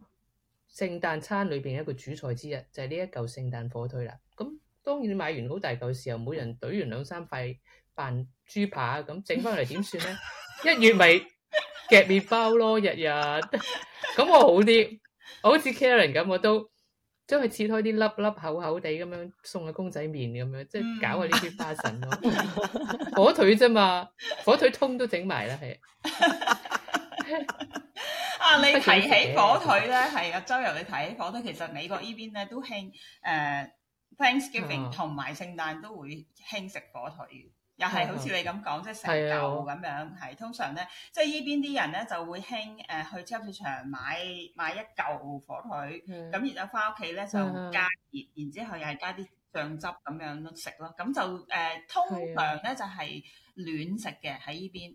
Speaker 2: 聖誕餐裏邊一個主菜之一，就係、是、呢一嚿聖誕火腿啦。咁、嗯、當然買完好大嚿嘅時候，每人懟完兩三塊扮豬扒，咁整翻嚟點算咧？呢 *laughs* 一月咪夾麵包咯，日日。咁 *laughs* 我好啲，我好似 Karen 咁，我都。將佢切開啲粒粒厚厚地咁樣，送個公仔麵咁樣，即係搞下呢啲花臣咯。 *laughs* 火腿啫嘛，火腿通都整埋啦係。啊 *laughs* *laughs* 你提起火腿咧，
Speaker 3: 係啊。 *laughs* 周游你提起火腿，其實美國邊呢邊咧都興誒、呃、Thanksgiving 同埋聖誕都會興食火腿。又係好似你咁講，即係成嚿咁樣，係的通常咧，即係依邊啲人咧就會興誒去超市場買買一嚿火腿，咁的然之後返屋企咧就加熱，的然之後又係加啲醬汁咁樣咯食咯，咁就誒、呃、通常咧就係、是、暖食嘅喺依邊，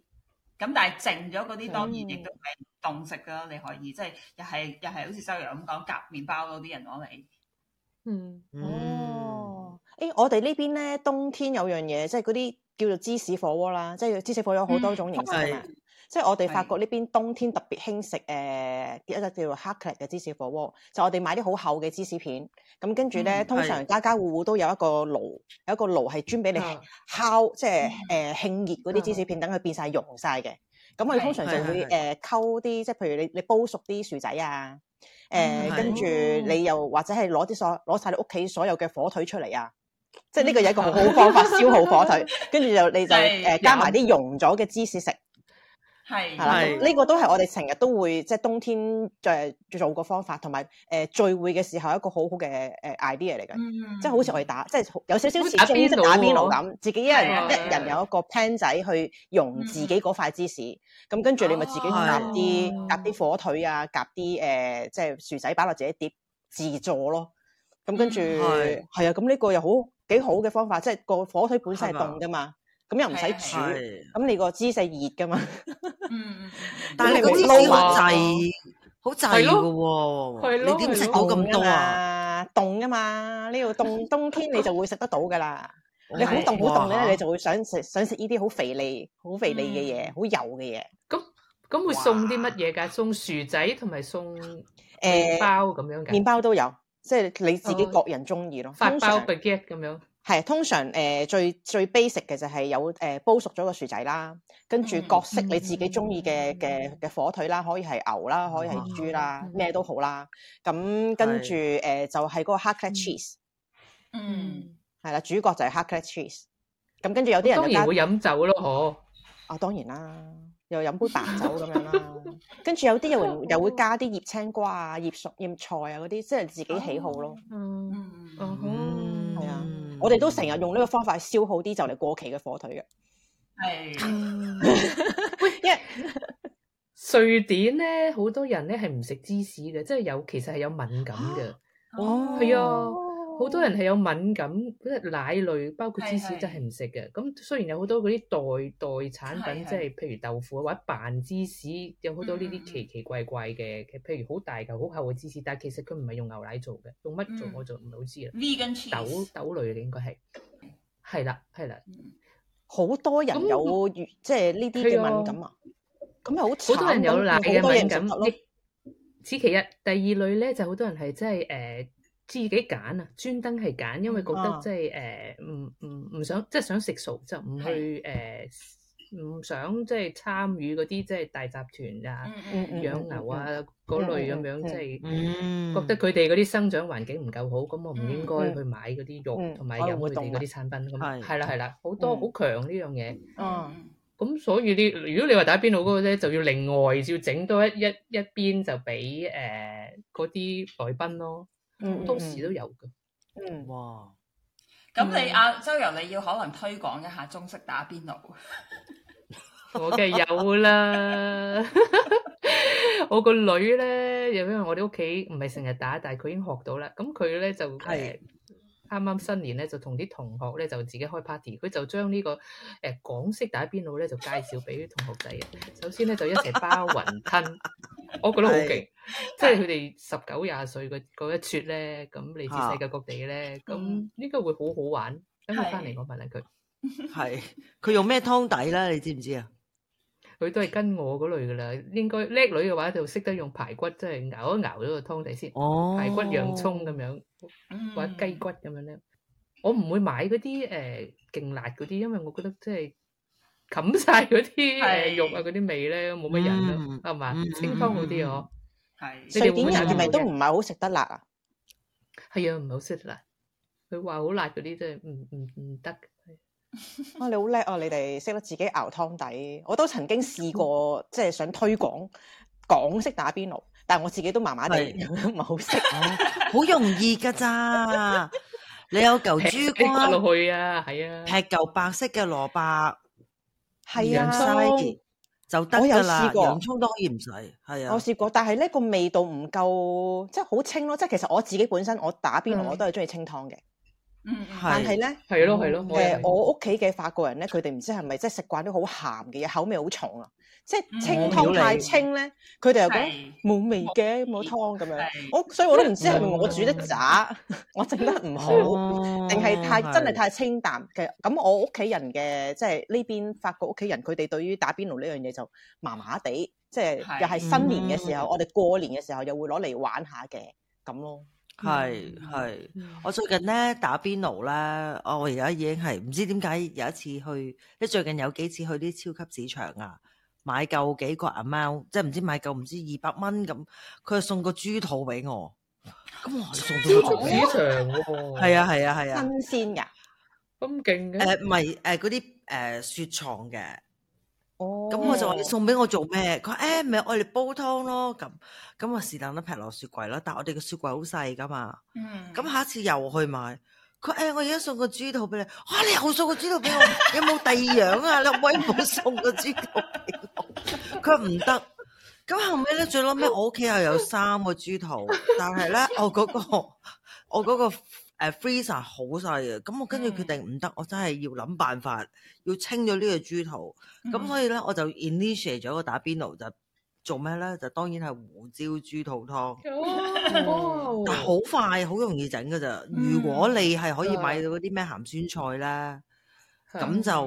Speaker 3: 咁但係凈咗嗰啲當然亦都係凍食噶，你可以即係又係又係好似周游咁講夾麪包嗰啲人攞嚟，嗯，
Speaker 1: 哦，誒、欸、我哋呢邊咧冬天有樣嘢即係嗰啲。叫做芝士火鍋啦，即係芝士火鍋有好多種形式。㗎嘛、嗯。即係我哋法國呢邊冬天特別興食誒一個叫做 raclette 嘅芝士火鍋。就我哋買啲好厚嘅芝士片，咁跟住咧，嗯、通常家家戶，戶戶都有一個爐，有一個爐係專俾你烤，啊、即係誒 heat 嗰啲芝士片，等佢變晒溶晒嘅。咁、嗯、我哋通常就會誒溝啲，即係、呃、譬如你你煲熟啲薯仔啊，誒、呃嗯嗯、跟住你又或者係攞啲所攞晒你屋企所有嘅火腿出嚟啊。即係呢個有一個好方法消耗火腿，跟住就你就誒加埋啲溶咗嘅芝士食，
Speaker 5: 係係啦。呢
Speaker 1: 個都係我哋成日都會即係冬天誒做個方法，同埋誒聚會嘅時候一個好好嘅誒 idea 嚟嘅。即係好似我哋打，即係有少少似中式即係打邊爐咁，自己一人一人有一個 pan 仔去溶自己嗰塊芝士，咁跟住你咪自己去夾啲夾啲火腿啊，夾啲誒即係薯仔板或者碟自助咯。咁跟住係係啊，咁呢個又好。幾好嘅方法，即係個火腿本身係凍噶嘛，咁又唔使煮，咁你個芝士熱噶嘛。
Speaker 4: 但係嗰啲肉好滯，
Speaker 1: 好滯嘅
Speaker 4: 喎，你點食到咁多啊？
Speaker 1: 凍噶嘛，呢度凍，冬天你就會食得到噶啦。你好凍好凍咧，你就會想食想食呢啲好肥膩、好肥膩嘅嘢、好油嘅嘢。咁
Speaker 2: 咁會送啲乜嘢噶？送薯仔同埋送麵
Speaker 1: 包咁樣，麵包都有。即係你自己個人中意咯。法包
Speaker 2: baguette 咁
Speaker 1: 樣係，通常誒、呃、最最 basic 嘅就係有誒、呃、煲熟咗個薯仔啦，跟住各式你自己中意嘅嘅嘅火腿啦，可以係牛啦，可以係豬啦，咩都好啦。咁跟住誒就係、是、嗰個 hard cheese，嗯係、嗯嗯、啦，主角就係 hard cheese。咁跟住有啲人有當然會飲酒咯，嗬？啊，當然啦。 *laughs* 又飲杯白酒咁樣啦， *laughs* 跟住有啲又會又會加啲醃青瓜啊、醃熟醃菜啊嗰啲，即係自己喜好咯。嗯嗯嗯，係啊，我哋都成日用呢個
Speaker 2: 方法嚟消耗啲就嚟過期嘅火腿嘅。係，因 *noise*
Speaker 5: 為
Speaker 2: *noise* 瑞典咧，好多人咧係唔食芝士嘅，即係有其實係有敏感嘅。 *noise* 哦，
Speaker 5: 係 *noise* 啊。 *noise* 哦。
Speaker 2: 好多人係有敏感，即係奶類，包括芝士，就係唔食嘅。咁雖然有好多嗰啲代代產品，即係譬如豆腐或者扮芝士，有好多呢啲奇奇怪怪嘅。譬如好大嚿好厚嘅芝士，但係其實佢唔係用牛奶做嘅，用乜做我就唔係好知啦。豆豆類應該係係啦係啦，
Speaker 1: 好多人有即係呢啲敏感啊，
Speaker 2: 咁又好慘。好多人有奶嘅敏感。此其一，第二類咧就好多人係真係誒。自己揀啊，專登係揀，因為覺得即係誒，唔唔唔想即係想食素，就唔去誒，唔想即係參與嗰啲即係大集團啊、養牛啊嗰類咁樣，即係覺得佢哋嗰啲生長環境唔夠好，咁我唔應該去買嗰啲肉同埋飲佢哋嗰啲產品。咁係啦，係啦，好多好強呢樣嘢。咁所以你如果你話打邊爐嗰個咧，就要另外要整多一一一邊就俾誒嗰啲來賓咯。普通時都有嘅、嗯，嗯哇，
Speaker 3: 咁你周、嗯、遊你要可能推廣一下中式打邊爐， *laughs* *laughs* 我嘅有
Speaker 2: 啦，我個女咧，又因為我哋屋企唔係成日打，但係佢已經學到啦。咁佢咧就係啱啱新年咧就同啲同學咧就自己開 party，佢就將呢、這個誒、呃、港式打邊爐咧就介紹俾啲同學仔啊。是首先咧就一齊包雲吞， *laughs* 我覺得好勁。即係佢哋十九廿歲嗰一撮咧，咁嚟自世界各地咧，咁應該會好好玩。等佢翻嚟，我問下佢係佢用咩湯底咧？你知唔知啊？佢都係跟我嗰類噶啦，應該叻女嘅話就識得用排骨，即係熬一熬咗個湯底先。哦，排骨洋蔥咁樣，或者雞骨咁樣咧。我唔會買嗰啲誒勁辣嗰啲，因為我覺得即係冚晒嗰啲誒肉啊嗰啲味咧，冇乜人咯，係嘛？清湯好啲啊，瑞典人係咪都唔係好食得辣啊？係啊，唔係好食得辣。佢話好辣嗰啲真係唔唔唔得。
Speaker 1: 啊,你好叻啊,你哋識得自己熬湯底，我都曾經試過，即係想推廣港式打邊爐，但係我自己都麻麻地，唔係好識。
Speaker 4: 好容易噶咋？你有嚿
Speaker 1: 豬骨落去啊？係
Speaker 2: 啊，
Speaker 4: 劈嚿白色嘅蘿蔔，係啊。就得噶啦，我有試過洋蔥都可以唔使，係啊。我
Speaker 1: 試過，但係咧，這個味道唔夠，即係好清咯。即係其實我自己本身我打邊爐我都係中意清湯嘅，嗯是，但係咧係咯係咯，誒我屋企嘅法國人咧，佢哋唔知係咪即係食慣啲好鹹嘅嘢，口味好重啊。即係清湯太清咧，佢哋又講冇味嘅冇湯咁樣。我所以我都唔知係咪我煮得渣，我整得唔好，定係太真係太清淡嘅咁。我屋企人嘅即係呢邊法國屋企人，佢哋對於打邊爐呢樣嘢就麻麻地，即係又係新年嘅時候，我哋過年嘅時候又會攞嚟玩下嘅咁咯。
Speaker 4: 係係，我最近咧打邊爐咧，我而家已經係唔知點解有一次去即最近有幾次去啲超級市場啊。買夠幾個阿貓，即係唔知買夠唔知二百蚊咁，佢就送個豬肚俾我，咁我送咗肚場喎，係啊係啊係啊，啊啊新鮮噶，咁勁嘅，誒唔係，誒嗰啲誒雪藏嘅，哦，咁我就話你送俾我做咩？佢話誒咪係，我、哎、嚟煲湯咯，咁咁啊是但都劈落雪櫃啦，但係我哋個雪櫃好細噶嘛，嗯，咁下一次又去買。佢誒、哎，我而家送個豬頭俾你，哇、啊！你又送個豬頭俾我，有冇第二樣啊？你威唔好送個豬頭俾我？佢唔得，咁後尾咧，最撈尾，我屋企又有三個豬頭，但係咧，我嗰、那個我嗰個誒，freezer 好細啊。咁我跟住決定唔得，我真係要諗辦法要清咗呢個豬頭，咁所以咧我就 initiate 咗個打邊爐就。做咩咧？就當然係胡椒豬肚湯， *laughs* 嗯、但係好快，好容易整嘅啫。如果你係可以買到嗰啲咩鹹酸菜咧。咁就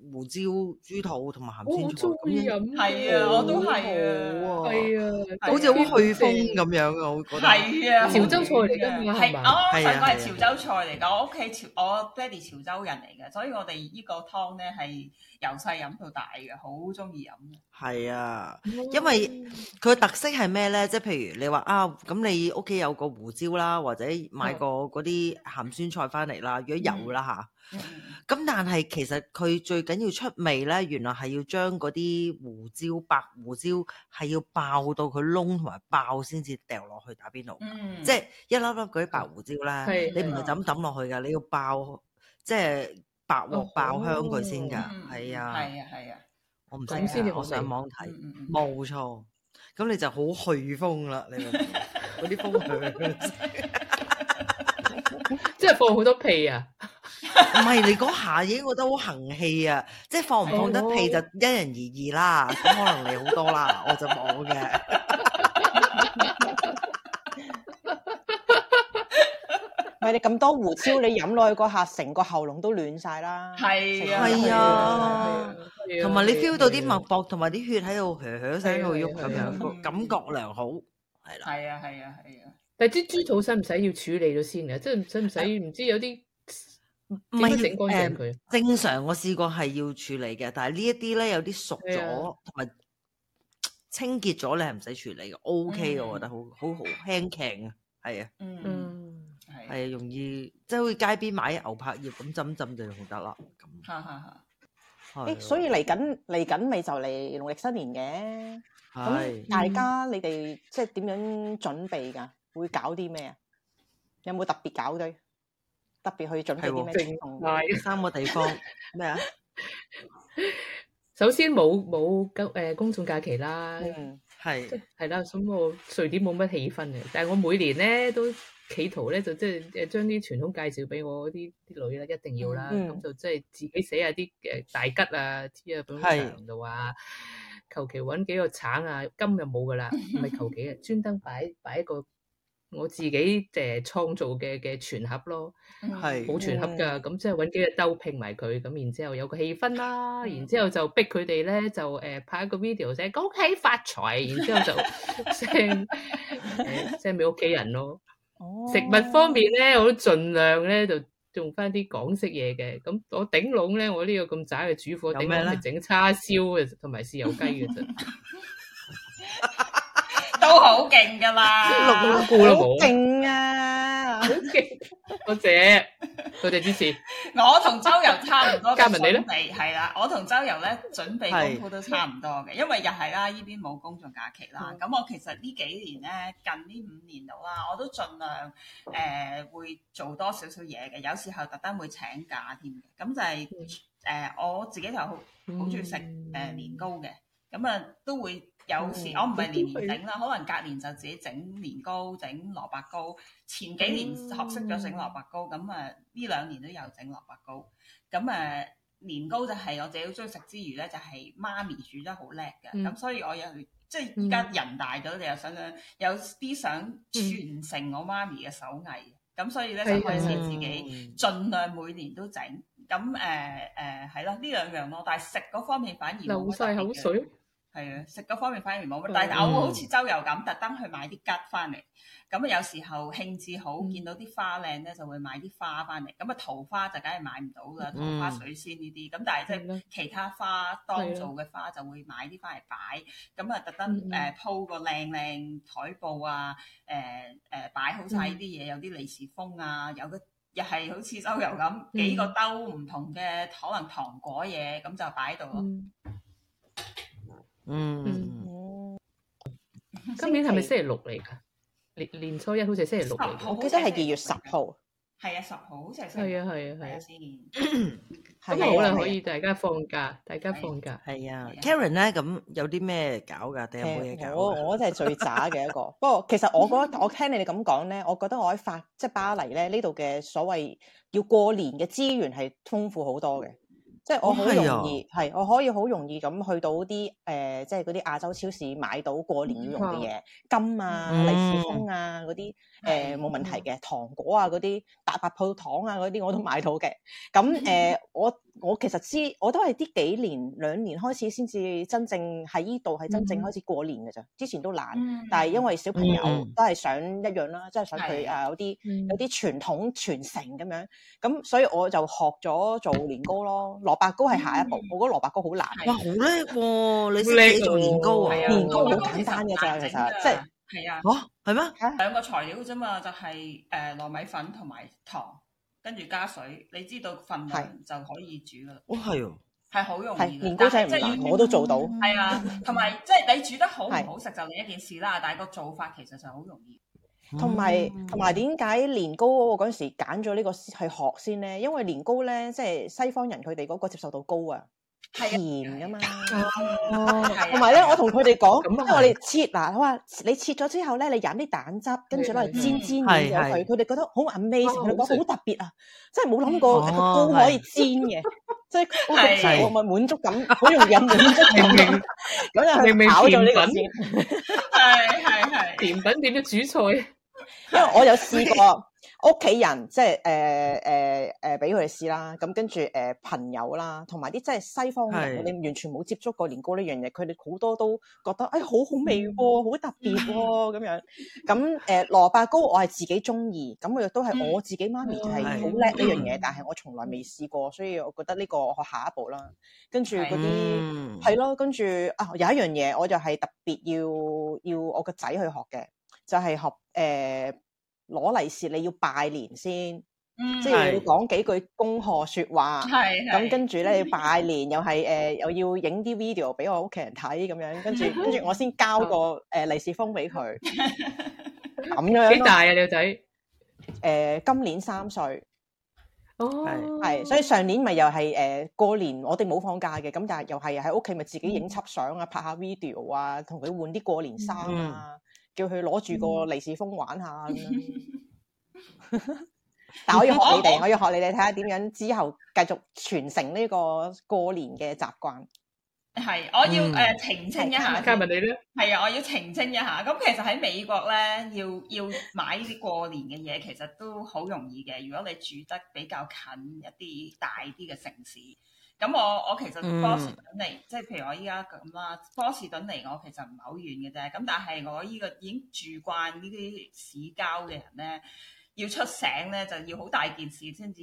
Speaker 4: 胡椒豬肚同埋鹹酸菜，
Speaker 3: 咁樣飲係啊！我都係啊！係啊！好似好去風咁
Speaker 4: 樣啊！我覺得係啊！
Speaker 3: 潮州菜嚟㗎，係啊！係個係潮州菜嚟㗎。我屋企潮，我爹哋潮州人嚟嘅，所以我哋呢個湯咧係由細飲到大嘅，好中意飲。
Speaker 4: 係啊，因為佢嘅特色係咩咧？即係譬如你話啊，咁你屋企有個胡椒啦，或者買個嗰啲鹹酸菜翻嚟啦，如果有啦嚇。咁但係其實佢最緊要出味咧，原來係要將嗰啲胡椒，白胡椒係要爆到佢窿，同埋爆先至掉落去打邊爐。即係一粒粒嗰啲白胡椒咧，你唔係就咁抌落去噶，你要爆，即係白鑊爆香佢先噶。係啊，係啊，係啊，我唔使。噶，我上網睇，冇錯。咁你就好去風啦，你嗰啲風，即係放好多屁啊！唔係你嗰下已經覺得好行氣啊！即係放唔放得屁就因人而異啦，咁可能你好多啦，我就冇嘅。
Speaker 1: 唔係你咁多胡椒，你飲落去嗰下，成個喉嚨都暖
Speaker 3: 晒啦。係啊，係啊，同埋你 feel 到啲
Speaker 4: 脈搏同埋啲血喺度
Speaker 3: 響響聲喺度喐咁樣，感覺良好係啦。係啊，係啊，係啊。但係啲
Speaker 2: 豬肚使唔使要處理咗先嘅？即係使唔使唔知有啲？唔係
Speaker 4: 誒，正常我試過係要處理嘅，但係呢一啲咧有啲熟咗同埋清潔咗，你係唔使處理嘅，O K 嘅，我覺得好好好輕扛啊，係啊，嗯係，係容易即係好似街邊買牛柏葉咁浸浸就用得啦，咁，係係係，誒，所以嚟緊嚟緊咪就嚟農曆新年嘅，
Speaker 1: 咁大家你哋即係點樣準備噶？會搞啲咩啊？有冇特別搞對？特別去進行啲咩活動？
Speaker 2: 係三個地方咩啊？首先冇冇公誒公眾假期啦，係係啦，咁我瑞典冇乜氣氛嘅。但係我每年咧都企圖咧就即係誒將啲傳統介紹俾我啲啲女咧，一定要啦。咁就即係自己寫下啲誒大吉啊，啲啊咁長度啊，求其揾幾個橙啊，金就冇噶啦，唔係求其啊，專登擺擺一個。我自己誒創造嘅嘅全盒咯，
Speaker 3: 係冇全盒噶，咁、
Speaker 2: 嗯嗯、即係揾幾隻兜拼埋佢，咁然之後有個氣氛啦，然之後就逼佢哋咧就誒拍一個 video 講恭喜發財，然之後就 send send 俾屋企人咯。哦、食物方面咧，我都盡量咧就用翻啲港式嘢嘅，咁我頂籠咧，我，這個這我，我呢個咁渣嘅主婦頂籠係整叉燒嘅，同埋豉油雞嘅啫。 *laughs*
Speaker 3: 都好勁噶啦，碌高好勁啊！ *laughs* *laughs*
Speaker 2: *laughs* 多謝多謝支持，
Speaker 3: 我同周游差唔多加埋你。你，係啦。我同周游咧準備功夫都差唔多嘅，因為又係啦，呢邊冇工作假期公眾假期啦。咁的我其實呢幾年咧，近呢五年度啦，我都盡量誒、呃、會做多少少嘢嘅，有時候特登會請假添。咁就係、是、誒、呃、我自己就好中意食誒年糕嘅，咁啊都會。嗯有時我唔係年年整啦，可能隔年就自己整年糕、整蘿蔔糕。前幾年學識咗整蘿蔔糕，咁誒呢兩年都有整蘿蔔糕。咁誒年糕就係我自己好中意食之餘咧，就係媽咪煮得好叻嘅。咁所以我又即係依家人大咗，就又想想有啲想傳承我媽咪嘅手藝。咁所以咧就可以自己盡量每年都整。咁誒誒係咯，呢兩樣咯。但係食嗰方面反而冇曬口水。係啊，食嗰方面反而冇乜，但係我會好似周遊咁，嗯、特登去買啲桔翻嚟。咁啊，有時候興致好，嗯、見到啲花靚咧，就會買啲花翻嚟。咁啊，桃花就梗係買唔到啦，桃花水仙呢啲。咁但係即係其他花當造嘅花，就會買啲花嚟擺。咁啊、嗯，特登誒鋪個靚靚台布啊，誒誒、嗯呃、擺好晒啲嘢，嗯、有啲利是封啊，有個又係好似周遊咁、嗯嗯、幾個兜唔同嘅可能糖果嘢，咁就擺喺度咯。嗯嗯。
Speaker 2: 嗯，今年係咪星期六嚟噶？年年初一好似係星期六嚟，我記得係二月十號，係啊，十號 *coughs* 好似
Speaker 3: 係，係啊，係啊，係啊，
Speaker 4: 先咁好啦，可以
Speaker 2: 大家放假，的大家放假，係啊
Speaker 4: 的，Karen 咧，咁有啲咩搞噶？第一波嘢搞， *laughs* 我我真係最渣嘅一個。
Speaker 1: *laughs* 不過其實我覺得，我聽你哋咁講咧，我覺得我喺法，即係巴黎咧呢度嘅所謂要過年嘅資源係豐富好多嘅。即係我好容易係、哦，我可以好容易咁去到啲誒、呃，即係嗰啲亞洲超市買到過年要用嘅嘢，金啊、利是封啊嗰啲誒冇問題嘅，糖果啊嗰啲大白鋪糖啊嗰啲我都買到嘅，咁誒、呃、我。我其實知，我都係呢幾年兩年開始先至真正喺依度，係真正開始過年嘅咋。之前都懶，但係因為小朋友都係想一樣啦，即係想佢誒有啲有啲傳統傳承咁樣。咁所以我就學咗做年糕咯，蘿蔔糕係下一步。我覺得蘿蔔糕好難。哇，好叻喎！你做年糕啊？年糕好簡單嘅咋。其實即
Speaker 3: 係係啊係咩？兩個材料啫嘛，就係誒糯米粉同埋糖。跟住加水，你知道份量就可以煮噶啦。哦，係哦，係好容易嘅。年糕真係唔難，我都做
Speaker 4: 到。
Speaker 3: 係 *laughs* 啊，同埋即係你煮得好唔好食就另一件事啦。是但係個做法其實就好容易。同
Speaker 1: 埋同埋，點解年糕嗰陣時揀咗呢個去學先咧？因為年糕咧，即係西方人佢哋嗰個接受度高啊。係啊，甜噶嘛，同埋咧，我同佢哋講，因為你切嗱，佢話你切咗之後咧，你飲啲蛋汁，跟住攞嚟煎煎，然後佢，佢哋覺得好 amazing，佢哋話好特別啊，真係冇諗過糕可以煎嘅，
Speaker 2: 即係好食同埋滿足感，好容易滿足
Speaker 1: 感，咁就未搞咗呢啲，係係係，
Speaker 2: 甜品變咗主菜，因為我
Speaker 1: 有試過。屋企人即係誒誒誒俾佢哋試啦，咁跟住誒、呃、朋友啦，同埋啲即係西方人，你是完全冇接觸過年糕呢樣嘢，佢哋好多都覺得誒、哎、好好味、哦，好、嗯、特別咁、哦、樣。咁誒蘿蔔糕我係自己中意，咁我亦都係我自己媽咪就係好叻呢樣嘢，是嗯、但係我從來未試過，所以我覺得呢個我學下一步啦。跟住嗰啲係咯，跟住啊有一樣嘢，我就係特別要要我個仔去學嘅，就係學誒。啊。攞利是你要拜年先，嗯、
Speaker 5: 即係要講
Speaker 1: 幾句恭賀說話。係咁跟住咧，是要拜年的又係誒、呃，又要影啲 video 俾我屋企人睇咁樣，跟住跟住我先交個誒利是封俾佢。咁樣幾大啊，你個仔？誒，今年三歲。哦，係，所以上年咪又係誒、呃、過年，我哋冇放假嘅，咁但係又係喺屋企咪自己影輯相啊，拍下 video 啊，同佢換啲過年衫啊。嗯叫佢攞住個利是封玩下咁樣， *laughs* *laughs* 但我要學你哋， *laughs* 我要學你哋睇下點樣之後繼續傳承呢個過年嘅習慣。
Speaker 3: 係，我要誒、呃、澄清一下。Carmen、嗯、你咧，係啊，我要澄清一下。咁其實喺美國咧，要要買呢啲過年嘅嘢，其實都好容易嘅。如果你住得比較近一啲大啲嘅城市。咁我我其實波士頓嚟，嗯、即係譬如我依家咁啦，波士頓嚟我其實唔係好遠嘅啫。咁但係我依個已經住慣呢啲市郊嘅人咧，要出省咧就要好大件事先至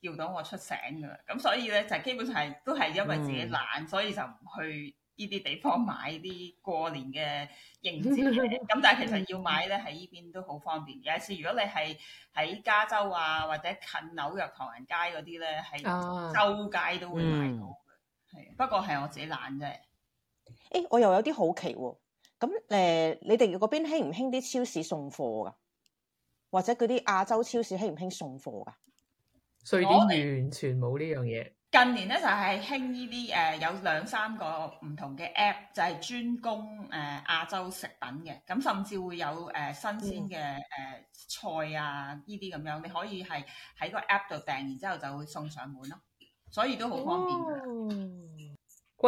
Speaker 3: 叫到我出省㗎喇。咁所以咧就係、基本上係都係因為自己懶，嗯、所以就唔去。呢啲地方買啲過年嘅應節，咁 *laughs* 但係其實要買咧喺呢邊都好方便。有一次，如果你係喺加州啊，或者近紐約唐人街嗰啲咧，喺周街都會買到嘅、啊嗯。不過係我自己懶啫。
Speaker 1: 誒、欸，我又有啲好奇喎、啊。咁誒、呃，你哋嗰邊興唔興啲超市送貨噶？或者嗰啲亞洲超市興唔興送貨噶？
Speaker 2: 瑞典完全冇呢樣
Speaker 1: 嘢。
Speaker 3: 近年咧就係興呢啲誒有兩三個唔同嘅 app 就係專供誒、呃、亞洲食品嘅，咁、呃、甚至會有誒、呃、新鮮嘅誒、呃、菜啊呢啲咁樣，你可以係喺個 app 度訂，然之後就會送上門咯，所以都好方便嘅。哦，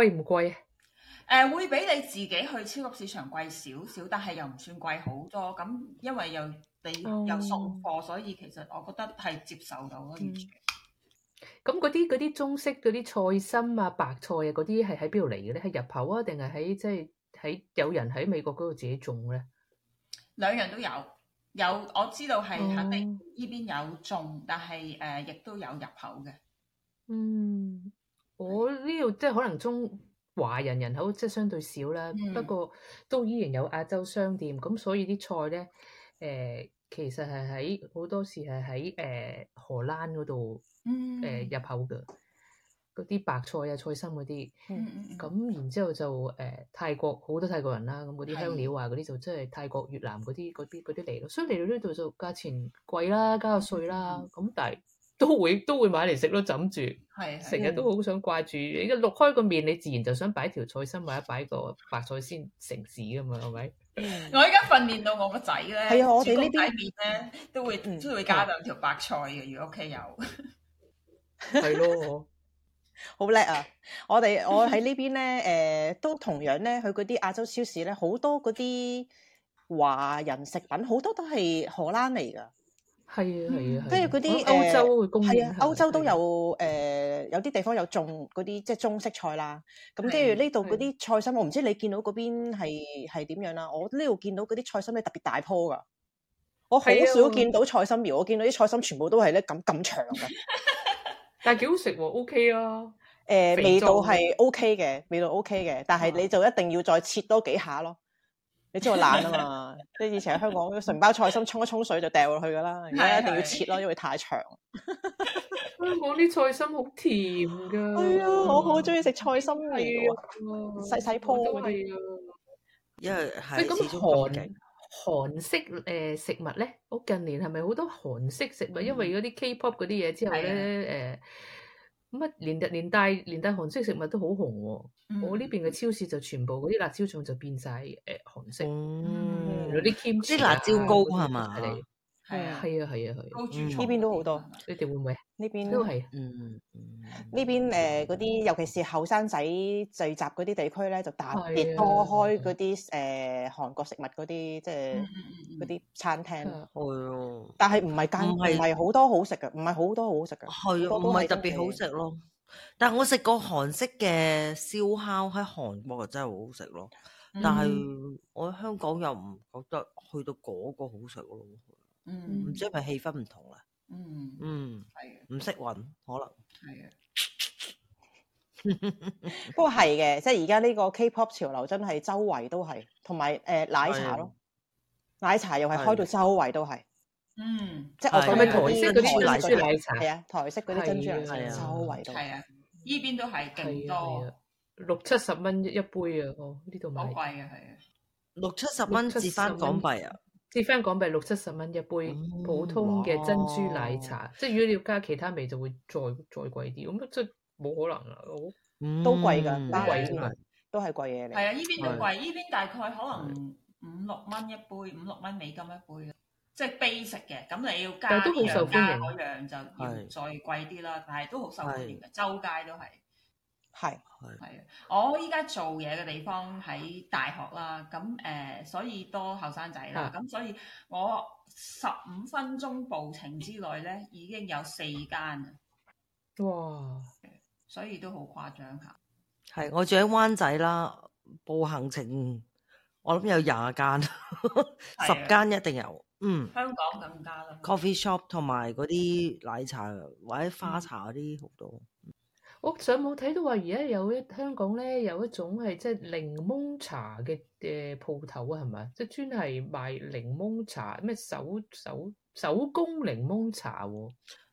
Speaker 2: 貴唔貴啊？誒、
Speaker 3: 呃，會比你自己去超級市場貴少少，但係又唔算貴好多。咁、哦、因為又你又送貨，嗯、所以其實我覺得係接受到咯、完全、嗯。
Speaker 2: 咁嗰啲啲中式嗰啲菜心啊、白菜啊嗰啲係喺邊度嚟嘅咧？係入口啊，定係喺即係喺有人喺美國嗰度自己種咧？
Speaker 3: 兩樣都有，有我知道係肯定呢邊有種，嗯、但係誒、呃、亦都有入口嘅。嗯，
Speaker 2: 我呢度即係可能中華人人口即係相對少啦，嗯、不過都依然有亞洲商店，咁所以啲菜咧誒。呃其實係喺好多時係喺誒荷蘭嗰度誒入口嘅嗰啲白菜啊、菜心嗰啲，咁然之後就誒泰國好多泰國人啦，咁嗰啲香料啊嗰啲就真係泰國、越南嗰啲啲啲嚟咯。所以嚟到呢度就價錢貴啦，加個稅啦，咁但係都會都會買嚟食咯，枕住。係，成日都好想掛住一淥開個麵，你自然就想擺條菜心，或者擺個白菜先成事噶嘛，係咪？
Speaker 3: 嗯、我而家訓練到我個、啊、仔咧，煮公仔麵咧都會都會加兩條白菜嘅，如果屋企有，
Speaker 2: 係咯，
Speaker 1: 好叻啊！ *laughs* 我哋我喺呢邊咧，誒、呃，都同樣咧，去嗰啲亞洲超市咧，好多嗰啲華人食品，好多都係荷蘭嚟噶。
Speaker 2: 係啊係啊，跟住嗰啲誒，係
Speaker 1: 啊，歐洲都有誒的、呃，有啲地方有種嗰啲即係中式菜啦。咁跟住呢度嗰啲菜心，的我唔知你見到嗰邊係係點樣啦、啊。我呢度見到嗰啲菜心咧特別大棵噶，我好少的見到菜心苗。我見到啲菜心全部都係咧咁咁長嘅， *laughs* 但係幾好食
Speaker 2: 喎，OK 啊。誒 *laughs*
Speaker 1: 的、呃，味道係 OK 嘅，味道 OK 嘅，但係你就一定要再切多幾下咯。你知我懶啊嘛，你 *laughs* 以前喺香港成包菜心沖一沖水就掉落去噶啦，而家一定要切咯，因為太長。
Speaker 2: 香港 *laughs* 啲、 *laughs* 哎、菜心好甜㗎。係啊，嗯、我好鍾意食菜心，細細棵嗰啲。洗洗啊、因為係。咁韓韓式誒食物咧，我近年係咪好多韓式食物？嗯、因為嗰啲 K-pop 嗰啲嘢之後咧誒。咁啊，連帶連帶連帶韓式食物都好紅喎。哦，嗯、我呢邊嘅超市就全部嗰啲辣椒醬就變晒誒韓式，嗰啲、嗯、辣椒糕。係嘛？係啊，係啊，係啊，係。呢邊都好多。你哋會唔會？呢邊都係。嗯。
Speaker 1: 呢邊誒嗰啲，尤其是後生仔聚集嗰啲地區咧，就特別多開嗰啲誒韓國食物嗰啲，即係嗰啲餐廳。係啊。但係唔係間唔係好多好食㗎，唔係好多好食㗎。係啊，唔係特別好食
Speaker 4: 咯。但係我食過韓式嘅燒烤喺韓國啊，真係好好食咯。但係我喺香港又唔覺得去到嗰個好食咯。嗯，唔知係咪氣氛唔同啦？
Speaker 1: 嗯，
Speaker 4: 嗯，係，唔識搵，可能係
Speaker 1: 啊。不過係嘅，即係而家呢個 K-pop 潮流真係周圍都係，同埋誒奶茶咯，奶茶又係開到周圍都係。
Speaker 2: 嗯，即係我講緊台式嗰啲珍珠奶茶，係啊，台式嗰啲珍珠奶茶周圍都係啊，
Speaker 3: 呢邊都係勁多
Speaker 2: 六七十蚊一杯啊，哦呢度買好貴嘅，係啊，六七十蚊至翻港幣啊。接翻講，港幣六七十蚊一杯普通嘅珍珠奶茶，即係如果你要加其他味就會再再貴啲，咁即係冇可能啦，都貴噶，都貴啲啦，都係貴嘢嚟。係啊，呢邊就貴，呢邊大概可能五六蚊一杯，五六蚊美
Speaker 3: 金一杯即係 basic 嘅。咁你要加都一樣加嗰樣就要再貴啲啦，但係都好受歡迎嘅，周街都係。
Speaker 4: 係係，
Speaker 3: 我依家做嘢嘅地方喺大學啦，咁誒、呃，所以多後生仔啦，咁、哦、所以我十五分鐘步程之內咧，已經有四間啊！哇、哦，所以都好誇張吓。
Speaker 4: 係我住喺灣仔啦，步行程我諗有廿間，十 *laughs* 間一定有。的嗯，
Speaker 3: 香港更加啦
Speaker 4: ，coffee shop 同埋嗰啲奶茶的或者花茶嗰啲好多。嗯.
Speaker 2: 我上網睇到話，而家有一香港呢有一種係即檸檬茶嘅誒鋪頭啊，係咪？即專係賣檸檬茶，咩手手手工檸檬茶喎？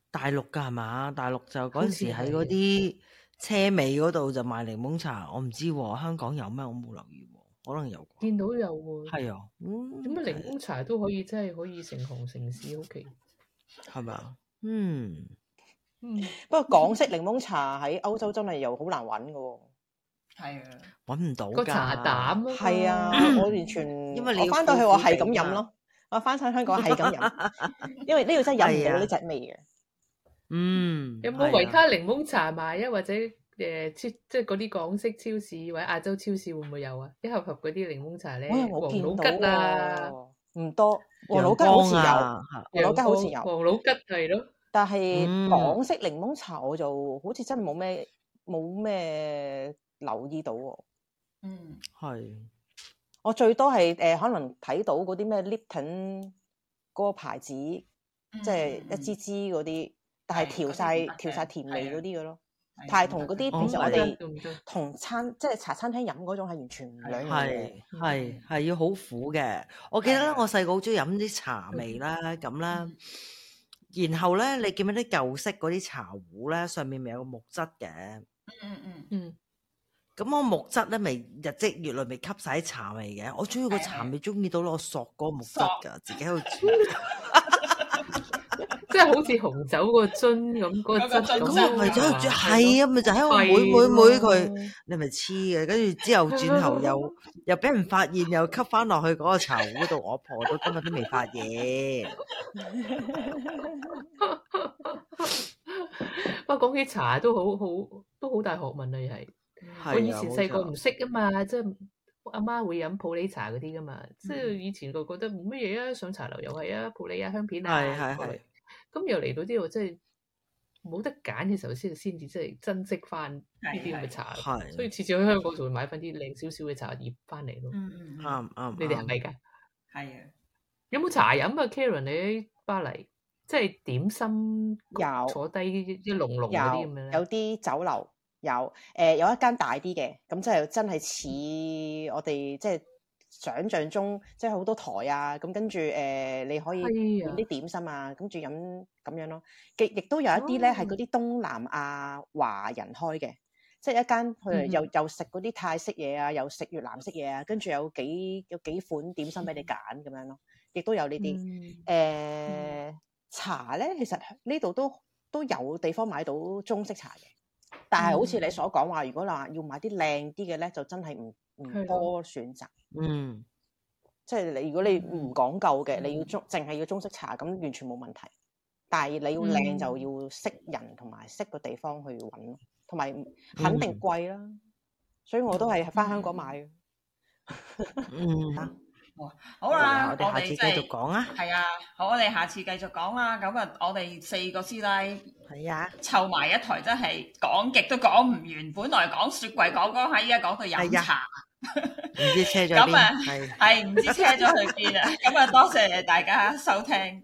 Speaker 4: 大陸㗎係嘛？大陸就嗰時喺嗰啲車尾嗰度就賣檸檬茶，的我唔知喎。香港有咩？我冇留意，可能有
Speaker 2: 見到有喎。係啊的，咁啊、嗯、檸檬茶都可，的可以，真係可以成行成市，okay 係咪啊？嗯。嗯，不過港式檸檬茶
Speaker 1: 喺歐洲真係又好難揾嘅，
Speaker 4: 係啊，揾唔到個茶膽，係
Speaker 1: 啊，我完全，因為你，翻到去我係咁飲咯，我翻晒香港係咁飲，
Speaker 2: 因為呢度真係飲唔到呢隻味嘅。嗯，
Speaker 5: 有冇維他
Speaker 2: 檸檬茶賣啊？或者誒即係嗰啲港式超市或者亞洲超市會唔會有啊？一盒盒嗰啲檸檬茶咧，我見到王老吉
Speaker 4: 啊，唔多，
Speaker 1: 王老吉好似有，王老吉好似有，王
Speaker 2: 老吉係咯。
Speaker 1: 但係港式檸檬茶，我就好似真係冇咩冇咩留意到喎、啊。
Speaker 2: 嗯，
Speaker 1: 係。 *noise* 是我最多係誒，可能睇到嗰啲咩 Lipton 嗰個牌子，即、就、係、是、一支支嗰啲，但係調晒調晒甜味嗰啲嘅咯。但係同嗰啲，OM、其實我哋同餐即係、就是、茶餐廳飲嗰種係完全唔兩樣嘅。係
Speaker 4: 係係，要好苦嘅。我記得咧，我細個好中意飲啲茶味啦咁啦。關 administration 然後咧，你見唔見到啲舊式嗰啲茶壺咧？上面咪有個木質嘅、嗯，嗯嗯嗯嗯，咁我木質咧，咪日積月累咪吸晒啲茶味嘅。我中意個茶味，中意、哎、呀到攞索嗰個木質噶，索自己喺度煮。 *laughs* *laughs*
Speaker 2: *laughs* 即係好似紅酒、個樽咁，嗰個樽咁啊！係、就是、
Speaker 4: 是啊，咪就喺我妹妹妹佢，你咪黐嘅。跟住之後轉頭又 *laughs* 又俾人發現，又吸翻落去嗰個茶壺度。我婆都今日都未發
Speaker 2: 現。哇，講起茶都好好，都好大學問啊！又係 *laughs* 我以前細個唔識㗎嘛，真係。阿媽會飲普洱茶嗰啲噶嘛，即係以前就覺得冇乜嘢啊，上茶樓又係啊，普洱啊、香片啊，咁又嚟到啲喎，即係冇得揀嘅時候先先至即係珍惜翻呢啲咁嘅茶，所以次次去香港就會買翻啲靚少少嘅茶葉翻嚟咯。嗯嗯，啱
Speaker 3: 啱。你哋係咪噶？係啊的，
Speaker 2: 有冇茶飲啊，Karen？你喺巴黎即係點心坐低一籠籠嗰啲咁嘅有啲酒
Speaker 1: 樓。有誒、呃、有一間大啲嘅，咁即係真係似我哋即係想像中，即係好多台啊，咁跟住誒、呃、你可以點啲點心啊，跟住飲咁樣咯。亦亦都有一啲咧係嗰啲東南亞華人開嘅，嗯、即係一間佢、呃、又又食嗰啲泰式嘢啊，又食越南式嘢啊，跟住有幾有幾款點心俾你揀咁、嗯、樣咯。亦都有、嗯呃、呢啲誒茶咧，其實呢度都都有地方買到中式茶嘅，但係好似你所講話，如果話要買啲靚啲嘅咧，就真係唔唔多選擇。嗯的，即係你如果你唔講究嘅，你要中淨係要中式茶，咁完全冇問題。但係你要靚、嗯、就要識人同埋識個地方去揾，同埋肯定貴啦。嗯、所以我都係翻香港買嘅。嗯。 *laughs* 啊
Speaker 3: 哇，好啦，我哋下次繼、就係、續講啊。係啊，好，我哋下次繼續講啦。咁啊，我哋四個師奶，係啊，湊埋一台真係講極都講唔完。本來講雪櫃，講講下，依家講到飲茶，
Speaker 4: 唔知車咗呢，係，
Speaker 3: 係唔知車咗去邊啊？咁啊，多謝大家收聽。